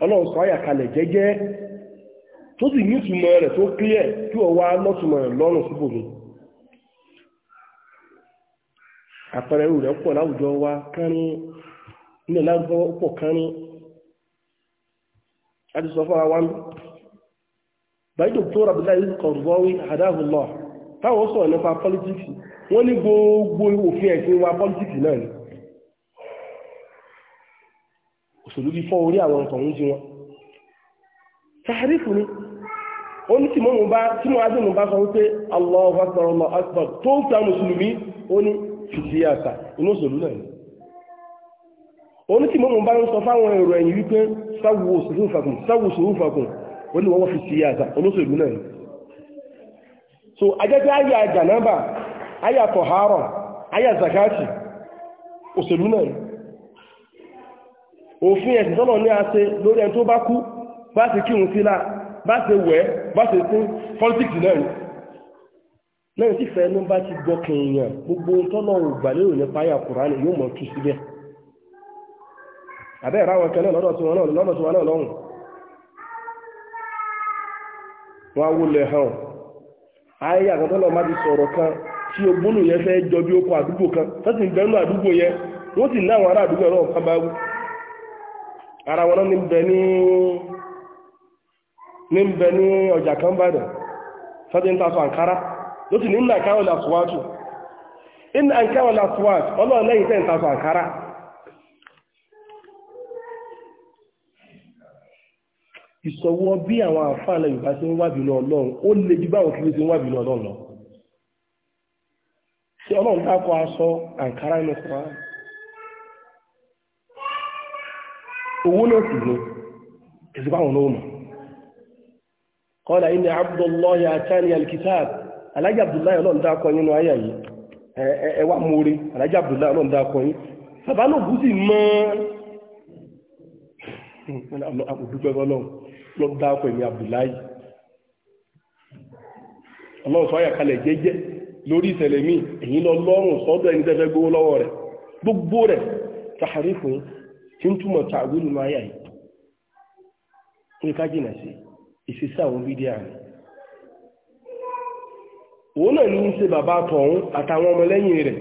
ọlọ́run sọ àyà jẹ́jẹ́ tó sì ní ìtumọ̀ rẹ̀ tó clear kí ọ wá lọ́tùmọ̀ rẹ̀ lọ́rùn síbò mi àpẹẹrẹ rẹ̀ pọ̀ láwùjọ wa kárín nílẹ̀ pọ̀ a sọ fún ara wa báyìí àdáhùn táwọn sọ̀rọ̀ nípa pọ́lítíìkì wọ́n ní gbogbo òfin ẹ̀sìn wa pọ́lítíìkì náà ni òṣèlú bí fọ́ orí àwọn ọ̀tọ̀ ń jí wọn tàrífù ni ó ní tìmọ́ mú bá tí mo adé mú bá sọ wípé Allahu Akbar Allahu Akbar tó ń ta mùsùlùmí ó ní fìdí àṣà inú òṣèlú náà ni ó ní tìmọ́ mú bá ń sọ fáwọn èrò ẹ̀yìn wípé sáwù òṣèlú fàkùn sáwù òṣèlú fàkùn ó ní wọ́n fi sí àṣà olóṣèlú náà ni so ajẹ́jẹ́ àyà jànábà àyà tọ̀hárọ̀ àyà zakati òṣèlú náà òfin ẹ̀sìn tọ́lọ̀ ní a ṣe lórí ẹni tó bá kú bá ṣe kírun sílá bá ṣe wẹ̀ bá ṣe sí politics náà lẹ́yìn tí fẹ́ẹ́ ló bá ti gbọ́kàn èèyàn gbogbo tọ́lọ̀ ògbà lérò nípa àyà kùránì yóò mọ̀ tú síbẹ̀ àbẹ́ ìráwọn hàn ayé àkọ́tọ́lọ́ má ti sọ̀rọ̀ kan tí ogbónú yẹn fẹ́ jọ bí okùn àdúgbò kan tọ́sí ìbẹ́nu àdúgbò yẹn wọ́n sì náwọn ará àdúgbò náà kan bá wú ara wọn ní bẹ ní ní bẹ ní ọjà kan bàdàn tọ́sí ń àǹkárá ló ní ìsọwọ́ bí àwọn àǹfààní Yorùbá ṣe ń wábìlú Ọlọ́run ó lè ju báwọn kìí ṣe ń wábìlú Ọlọ́run lọ ṣé Ọlọ́run dákọ aṣọ àǹkárá inú fún wa owó náà sì ní kìí báwọn náà mọ̀ kọ́lá inú Abdullahi atani alkitab alájà Abdullahi Ọlọ́run dákọ nínú ayà yìí ẹwà mórí alájà Abdullahi Ọlọ́run dákọ yìí bàbá náà mọ́ ọ́n ló ń dáko èmi Abdullahi ọlọ́run sọ àyàkalẹ̀ jẹ́jẹ́ lórí ìṣẹ̀lẹ̀ mi èyí lọ lọ́rùn sọ́dọ̀ ẹni tẹ́fẹ́ gbowó lọ́wọ́ rẹ̀ gbogbo rẹ̀ tàhárí fún tí ń túmọ̀ tààwí nínú ayà yìí ní ká jìnà sí ìṣesí àwọn bídíà rẹ̀ òun náà ní í ṣe bàbá tọ̀hún àtàwọn ọmọlẹ́yìn rẹ̀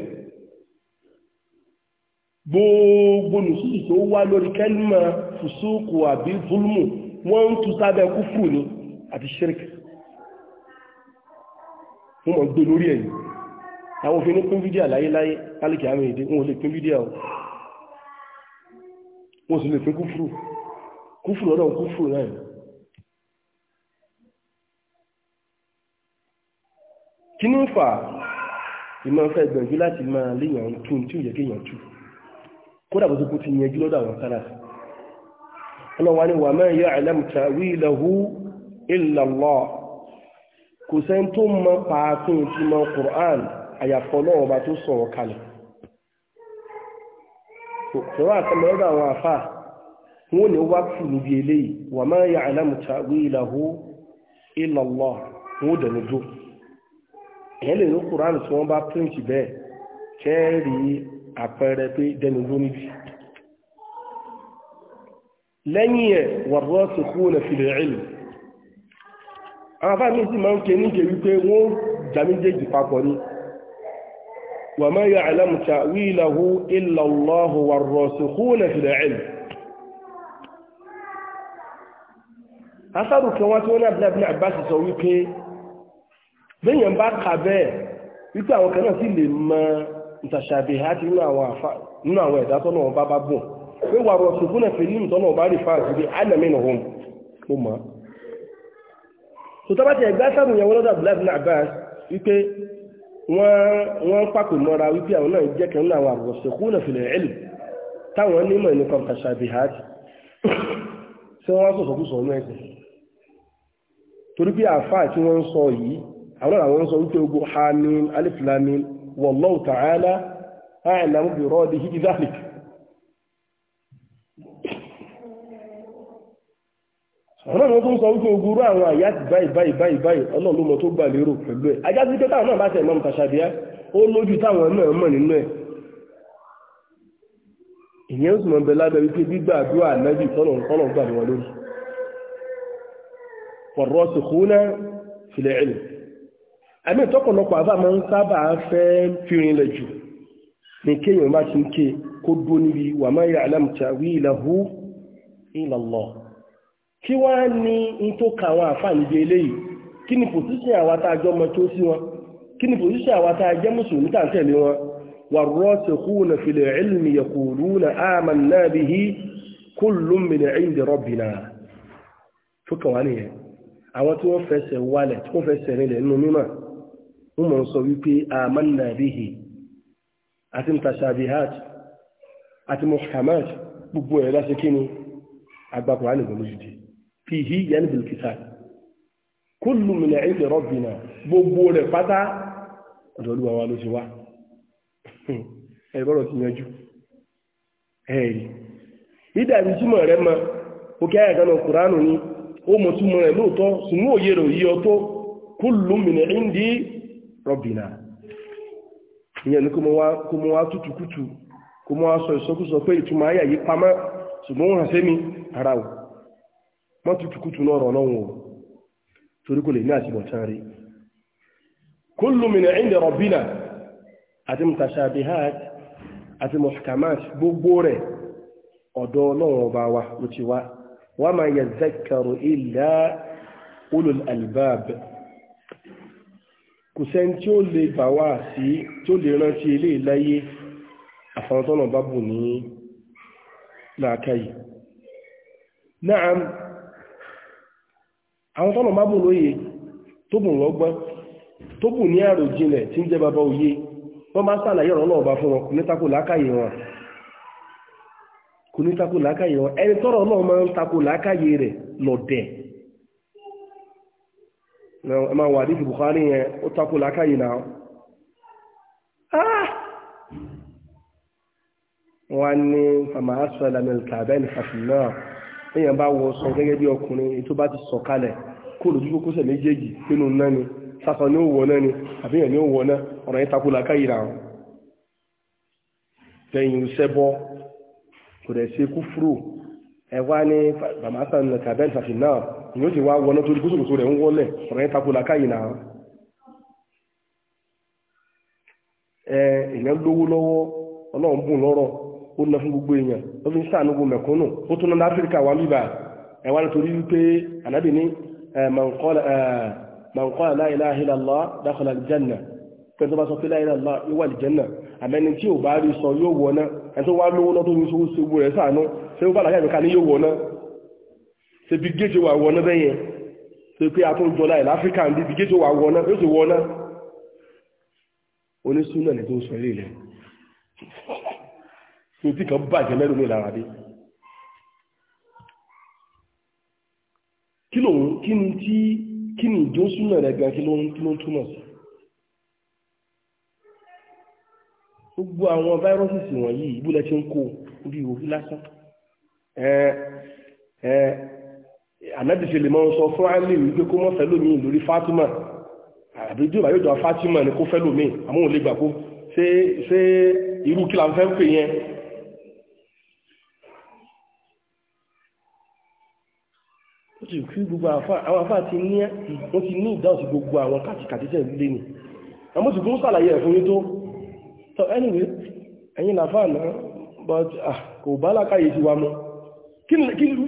gbogbo nùsùsù tó wá lórí kẹ́límà fùsùkù àbí fúlùmù wọ́n ń tu sábẹ́ kúfùrù ni àti ṣíríkì wọ́n mọ̀ gbé lórí ẹ̀yìn àwọn òfin ní pín fídíà láyéláyé kálíkì àmì èdè wọn ò lè pín fídíà o wọn sì lè pín kúfùrù kúfùrù ọ̀dọ̀ kúfùrù náà kí ní fà ìmọ̀ fẹ́ gbẹ̀jú láti máa léèyàn tún tí ò yẹ kéèyàn tún kódà bó tó kó ti yẹjú lọ́dọ̀ àwọn kálàsì ọlọ́wà ni wà ma ya'lam ta'wilahu illa Allah kò sẹ́ni tó mọ pàápín ìtumọ̀ Qur'an àyàfọ́ náà ọba tó sọ̀rọ̀ kalẹ̀ sọ̀rọ̀ àtàmọ́lọ́dọ̀ àwọn àfà wọ́n ni wá fún níbi eléyìí wà ma ya'lamu ní Qur'an tí wọ́n bá píríǹtì bẹ́ẹ̀ kẹ́ẹ̀rí àpẹẹrẹ pé dẹnu ló níbi lẹ́yìn ẹ̀ wọ̀rọ̀ sí kúrò fìlẹ̀ ìlú àwọn afáàmì sí máa ń ké ní jẹ́ wípé wọ́n jàmíjèjì papọ̀ ní wà máa yọ àlámùta wíìlàhú ìlàláhù wọ̀rọ̀ sí kúrò fìlẹ̀ ìlú asárù kan wá tí wọ́n ní abúlábílá àbá sì sọ wípé bẹ́yàn bá kà bẹ́ẹ̀ wípé àwọn kan náà sì lè mọ ìtàṣàbẹ̀ àti nínú àwọn ẹ̀dá tọ́nà wọn bá bá bùn pé wà rọ̀ ṣùgbọ́n ẹ̀fẹ̀ nínú tọ́nà ọba rí fáà sí anàmínú hùn ó mọ̀ ti ẹ̀gbá sábùn yẹn wọ́lọ́dọ̀ abdullahi bin wípé wọ́n ń mọ́ra wípé àwọn náà jẹ́ kẹ́ àwọn àrọ̀ ṣùgbọ́n kú ọlọ́run tó ń sọ wípé ogurú àwọn àyà ti báyìí báyìí báyìí báyìí ọlọ́run ló mọ tó gbà lérò pẹ̀lú ẹ̀ ajá sí pé táwọn náà bá tẹ̀ mọ́ mùtàṣàbíyá ó lójú táwọn náà mọ̀ nínú ẹ̀ ìyẹn ó sì mọ̀ bẹ lábẹ́ wípé gbígbà àdúrà nábì tọ́lọ̀ gbà wọn lórí kí wọ́n á ní in tó ka àwọn àǹfààní bí eléyìí kí ni pòsíṣìn àwa tá a jọ ọmọ tó sí wọn kí ni pòsíṣìn àwa tá a jẹ́ mùsùlùmí tá à ń tẹ̀lé wọn warrasikhuna fil ilmi yaquluna amanna bihi kullun min indi rabbina tó kàn wá nìyẹn àwọn tí wọ́n fẹsẹ̀ wálẹ̀ tí wọ́n fẹsẹ̀ rinlẹ̀ nínú mímọ̀ wọ́n mọ̀ sọ wípé amanna bihi àti mutashabihat àti muhkamat gbogbo ẹ̀ láti kí ni agbákùnrin àlè fihi yẹn bil kitab kullu min ilmi rabbina gbogbo rẹ̀ pátá ọ̀dọ̀ olúwa wa ló ti wá ẹ bọ́rọ̀ ni ó mọ̀ túnmọ̀ rẹ̀ lóòtọ́ sùnú òye rẹ̀ yí ọtọ́ kullu ni kó mọ́ wá tútùkútù ara wọ́n tutù kútù náà rọ̀ lọ́wọ́ torí kò lè ní àtibọ̀tán rí kullu min inda rabbina àti mutashabihat àti muhkamat gbogbo rẹ̀ ọ̀dọ̀ ọlọ́run ọba wa ló ti wá wa ma yazakkaru illa ulul albab kò sẹ́n tí ó lè bà wá sí tí ó lè rántí ilé ìláyé àfàwọn bá bù ní làákàyè náà àwọn tọ́nà bá bùn lóye tó bùn lọ́gbọ́n tó bùn ní àròjinlẹ̀ tí ń jẹ́ bàbá òye wọ́n bá sàlàyé ọ̀rọ̀ náà bá fún wọn kò ní tako làákàyè wọn kò ní tako làákàyè wọn ẹni tọ́rọ̀ náà máa ń tako làákàyè rẹ̀ lọ́dẹ̀ ẹ máa wà ah! wọ́n á ní fàmáhásọ́lá mẹ́lìkà èèyàn bá wọ sọ gẹ́gẹ́ bí ọkùnrin tó bá ti sọ kalẹ̀ kó lójú kókósẹ̀ méjèèjì nínú náà ni sásọ ní ó wọ náà ni àbíyàn ní ó wọ náà ọ̀rọ̀ yẹn takú làkàyìrà wọn lẹ́yìn ìṣẹ́bọ kò dẹ̀ ṣe kúfúrú ẹ wá ní bàmásà ní tàbí ni ó sì wá wọná torí kóṣòkòṣò rẹ̀ ń wọlẹ̀ ọ̀rọ̀ yẹn takú làkàyìrà ọlọ́run bùn lọ́rọ̀ ó ná fún gbogbo èèyàn ó fi ń sàánú gbogbo mẹ̀kúnnù ó tún ná láfíríkà wà bíbà ẹ̀wà nítorí wípé ànábì ní mọ̀nkọ́lá la ilaha illallah aljanna pẹ̀lú tó bá sọ pé la ilaha illallah aljanna àmẹ́ni tí ò bá rí sọ yóò wọ̀ náà ẹni tó wá lówó náà tó ní sọ gbogbo rẹ̀ sàánú ṣé ó bá làyà ìbíkà ní yóò wọ̀ náà ṣe bí géèjì wà wọ̀ náà ṣe pé atúnjọ láì láfíríkà ń bí géèjì wà wọ̀ náà yóò sì wọ̀ náà onísùnà ni tó sọ ilé rẹ̀ tí o ti kàn bàjẹ́ mẹ́rin mi lára dé kí ló ń kí ni tí kí ni ìjó súnà rẹ̀ gan kí ló ń kí ló ń túmọ̀ sí gbogbo àwọn fáírọ́sìsì wọ̀nyí ìbúlẹ̀ ti ń kó orí òfin lásán ànábìsẹ̀lẹ̀ máa ń sọ fún alẹ́ wípé kó mọ́ fẹ́ lómi lórí Fatima àbí jùlọ yóò jọ Fatima ni kó fẹ́ lómi àmọ́ òun lè gbà kó ṣe irú kí la fẹ́ ń pè yẹn ti kí gbogbo àwọn afá ti ní ó ti ní ìdáhùn sí gbogbo àwọn kàtìkàtì tẹ̀ lé ni àmọ́ sì fún sàlàyé ẹ̀ fún yín tó so anyway ẹ̀yin làfà náà but ah, kò bá làkàyè ti wa mọ́ kí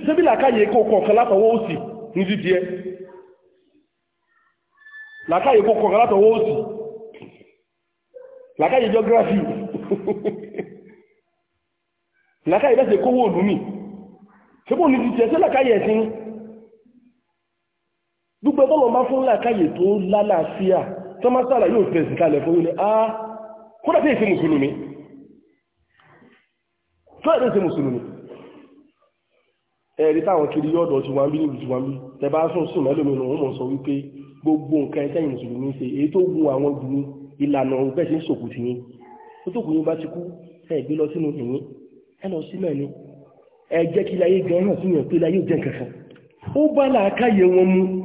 sẹ́bí làkàyè kó kọ̀ọ̀kan látọwọ́ òsì ní títí ẹ làkàyè kó kọ̀ọ̀kan látọwọ́ òsì làkàyè geography [laughs] làkàyè bẹ́sẹ̀ kówó òlú mi ṣe bó ní títí ẹ sẹ́làkàyè ẹ̀sìn gbogbo ọlọ́run bá fún làkáyè tó lálàáfíà tó má sára yóò fẹ̀sì kalẹ̀ fún ilẹ̀ ah kódà tí èsì mùsùlùmí fẹ́ẹ̀rẹ́ èsì mùsùlùmí ẹ̀rí táwọn kiri yọ́dọ̀ ti wọ́n bí ní ìlú wọn bí tẹbá sún sùn mẹ́lòmínú wọn sọ wípé gbogbo nǹkan ẹ̀tẹ́yìn mùsùlùmí ṣe èyí tó gun àwọn gbùn ìlànà ọ̀hún bẹ́ẹ̀ sí ṣòkù sí yín tó tó kùn yín bá ti kú ẹ̀ gbé lọ sínú ìyín ẹ lọ sí mẹ́rin ẹ jẹ́ kí láyé gan hàn sí yàn pé láyé jẹ́ kankan ó bá làákàyè wọn mú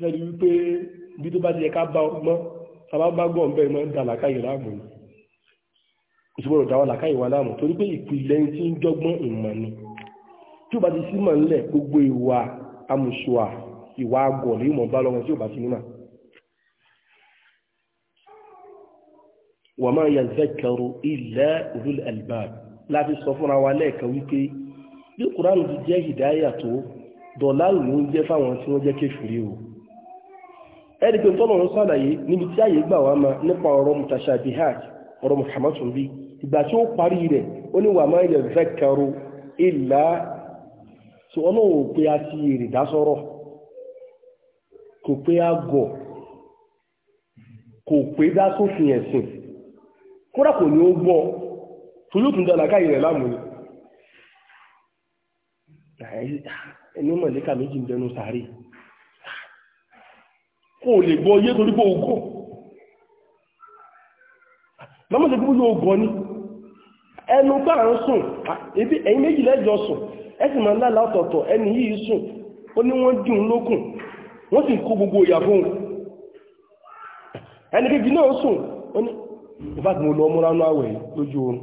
lẹ́nu wípé bí tó bá ti yẹ ká bá ọgbọ́n tàbá bá gbọ́n bẹ́ẹ̀ mọ́ ń da làkàyè láàmú ni ìṣòro dáwọ́ làkàyè wa láàmú torí pé ìpìlẹ̀ ń ti ń jọ́gbọ́n ìmọ̀ ni tí ó bá ti sí mọ̀ ńlẹ̀ gbogbo ìwà amùsùà ìwà agọ̀ ní ìmọ̀ bá lọ́wọ́ tí ó bá ti nímọ̀ wàmá yazakaru illa ulul albab láti sọ fúnra wa lẹ́ẹ̀kan wípé bí kùránù ti jẹ́ hìdáyà dọ̀lá ẹ̀rí pé tọ́lọ́run sàlàyé níbi tí àyè gbà wá ma nípa ọ̀rọ̀ mutashabihat ọ̀rọ̀ muhammadun bí ìgbà tí ó parí rẹ̀ ó ní wà máa rẹ zakaru ìlà tí ọlọ́run pé a ti èrè dásọ́rọ̀ kò pé a gọ̀ kò pé dásófin ẹ̀sìn kódà kò ní ó gbọ́ tó dára káyì rẹ̀ láàmú ni ẹni kò lè gbọ́ yé torí pé ogọ̀ lọ́mọ́ sí gbogbo ogọ̀ ni ẹnu bá ń sùn ebi ẹ̀yìn méjì lẹ́jọ sùn ẹ sì máa lálàá ọ̀tọ̀ọ̀tọ̀ ẹni yìí sùn ó ní wọ́n jù ú lókùn wọ́n sì kó gbogbo ìyà fún un ẹni kejì náà sùn ó ní ìfàtí mo lọ múra náà wẹ̀ lójú oorun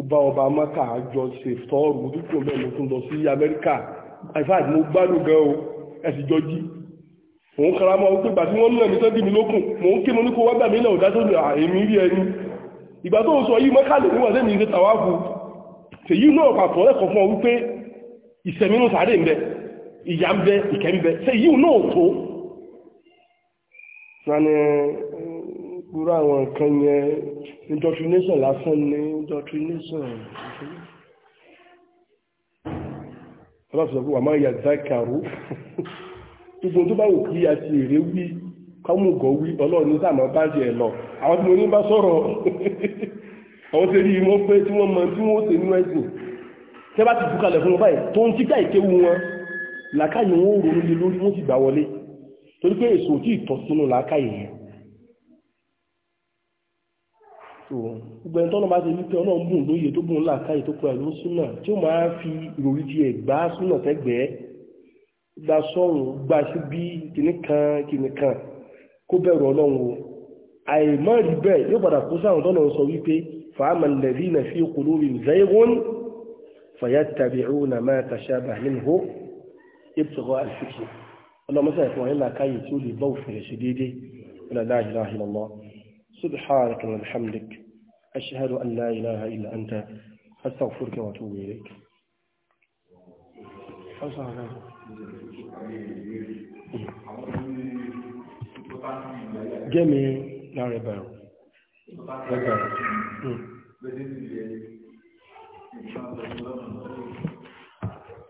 ó bá ọba amaka àjọ ṣe tọ́ọ̀rù dúkùn bẹ́ẹ̀ mo tún lọ sí amẹ́ríkà ìfàtí mo gbádùn gan o ẹ̀sìn jọ jí mò ń kara mọ́ wípé ìgbà tí wọ́n lẹ̀mí tán dì mí lókùn mò ń ké mo ní kó wá gbàmí náà dájọ́ ní àìmí rí ẹni ìgbà tó ń sọ yìí mọ́kàlẹ̀ níwọ̀n lẹ́mí ìṣe tàwáfù tèyí náà pàtó lẹ́kọ̀ọ́ fún ọ wípé ìṣẹ̀mínú sáré ń bẹ ìyá ń bẹ ìkẹ́ ń bẹ ṣe yìí náà tó sani gbúrú àwọn nǹkan yẹn indoctrination lásán ní indoctrination ọlọ́pàá sọ pé wà máa yà zákàrú gbogbo tó bá wù kí àti èrè wí kọ́mùgọ̀ wí ọlọ́run ní sàmọ́ bá jẹ́ lọ àwọn tí mo ní bá sọ̀rọ̀ [laughs] àwọn tí rí wọn pé tí wọ́n mọ tí wọ́n ṣe nínú ẹ̀sìn tẹ́ bá ti bú kalẹ̀ fún wọn báyìí tó ń tíkà ìkéwu wọn làákàyè wọn ò ronú lé lórí wọn sì gbà wọlé torí pé èso tí ìtọ́ sínú làákàyè yẹn gbogbo ẹni tọ́nà bá ti wípé ọlọ́run bùn lóye tó bùn làákàyè tó pẹ̀lú súnà tí ó gba sọ́run gba sí bí kìnnìkan kìnnìkan kó bẹ̀rù ọlọ́run o àìmọ́ rí bẹ́ẹ̀ yóò padà kó sáwọn tọ́nà sọ wípé fàámà lẹ́rí nà fi kùlórí zaygun fàyà tàbí ọ̀nà máa tàṣà bà nínú ìbùsọ̀kọ̀ àìsíkì ọlọ́mọsá ìfọ̀n yẹn làkàyè tí ó lè bá òfin rẹ̀ ṣe déédéé la ilaha illallah subhanaka wa bihamdik ashhadu an la ilaha illa anta astaghfiruka wa atubu ilayk jẹ́mi lára ẹ̀bà ẹ̀rọ ẹ̀bà ẹ̀rọ hmm.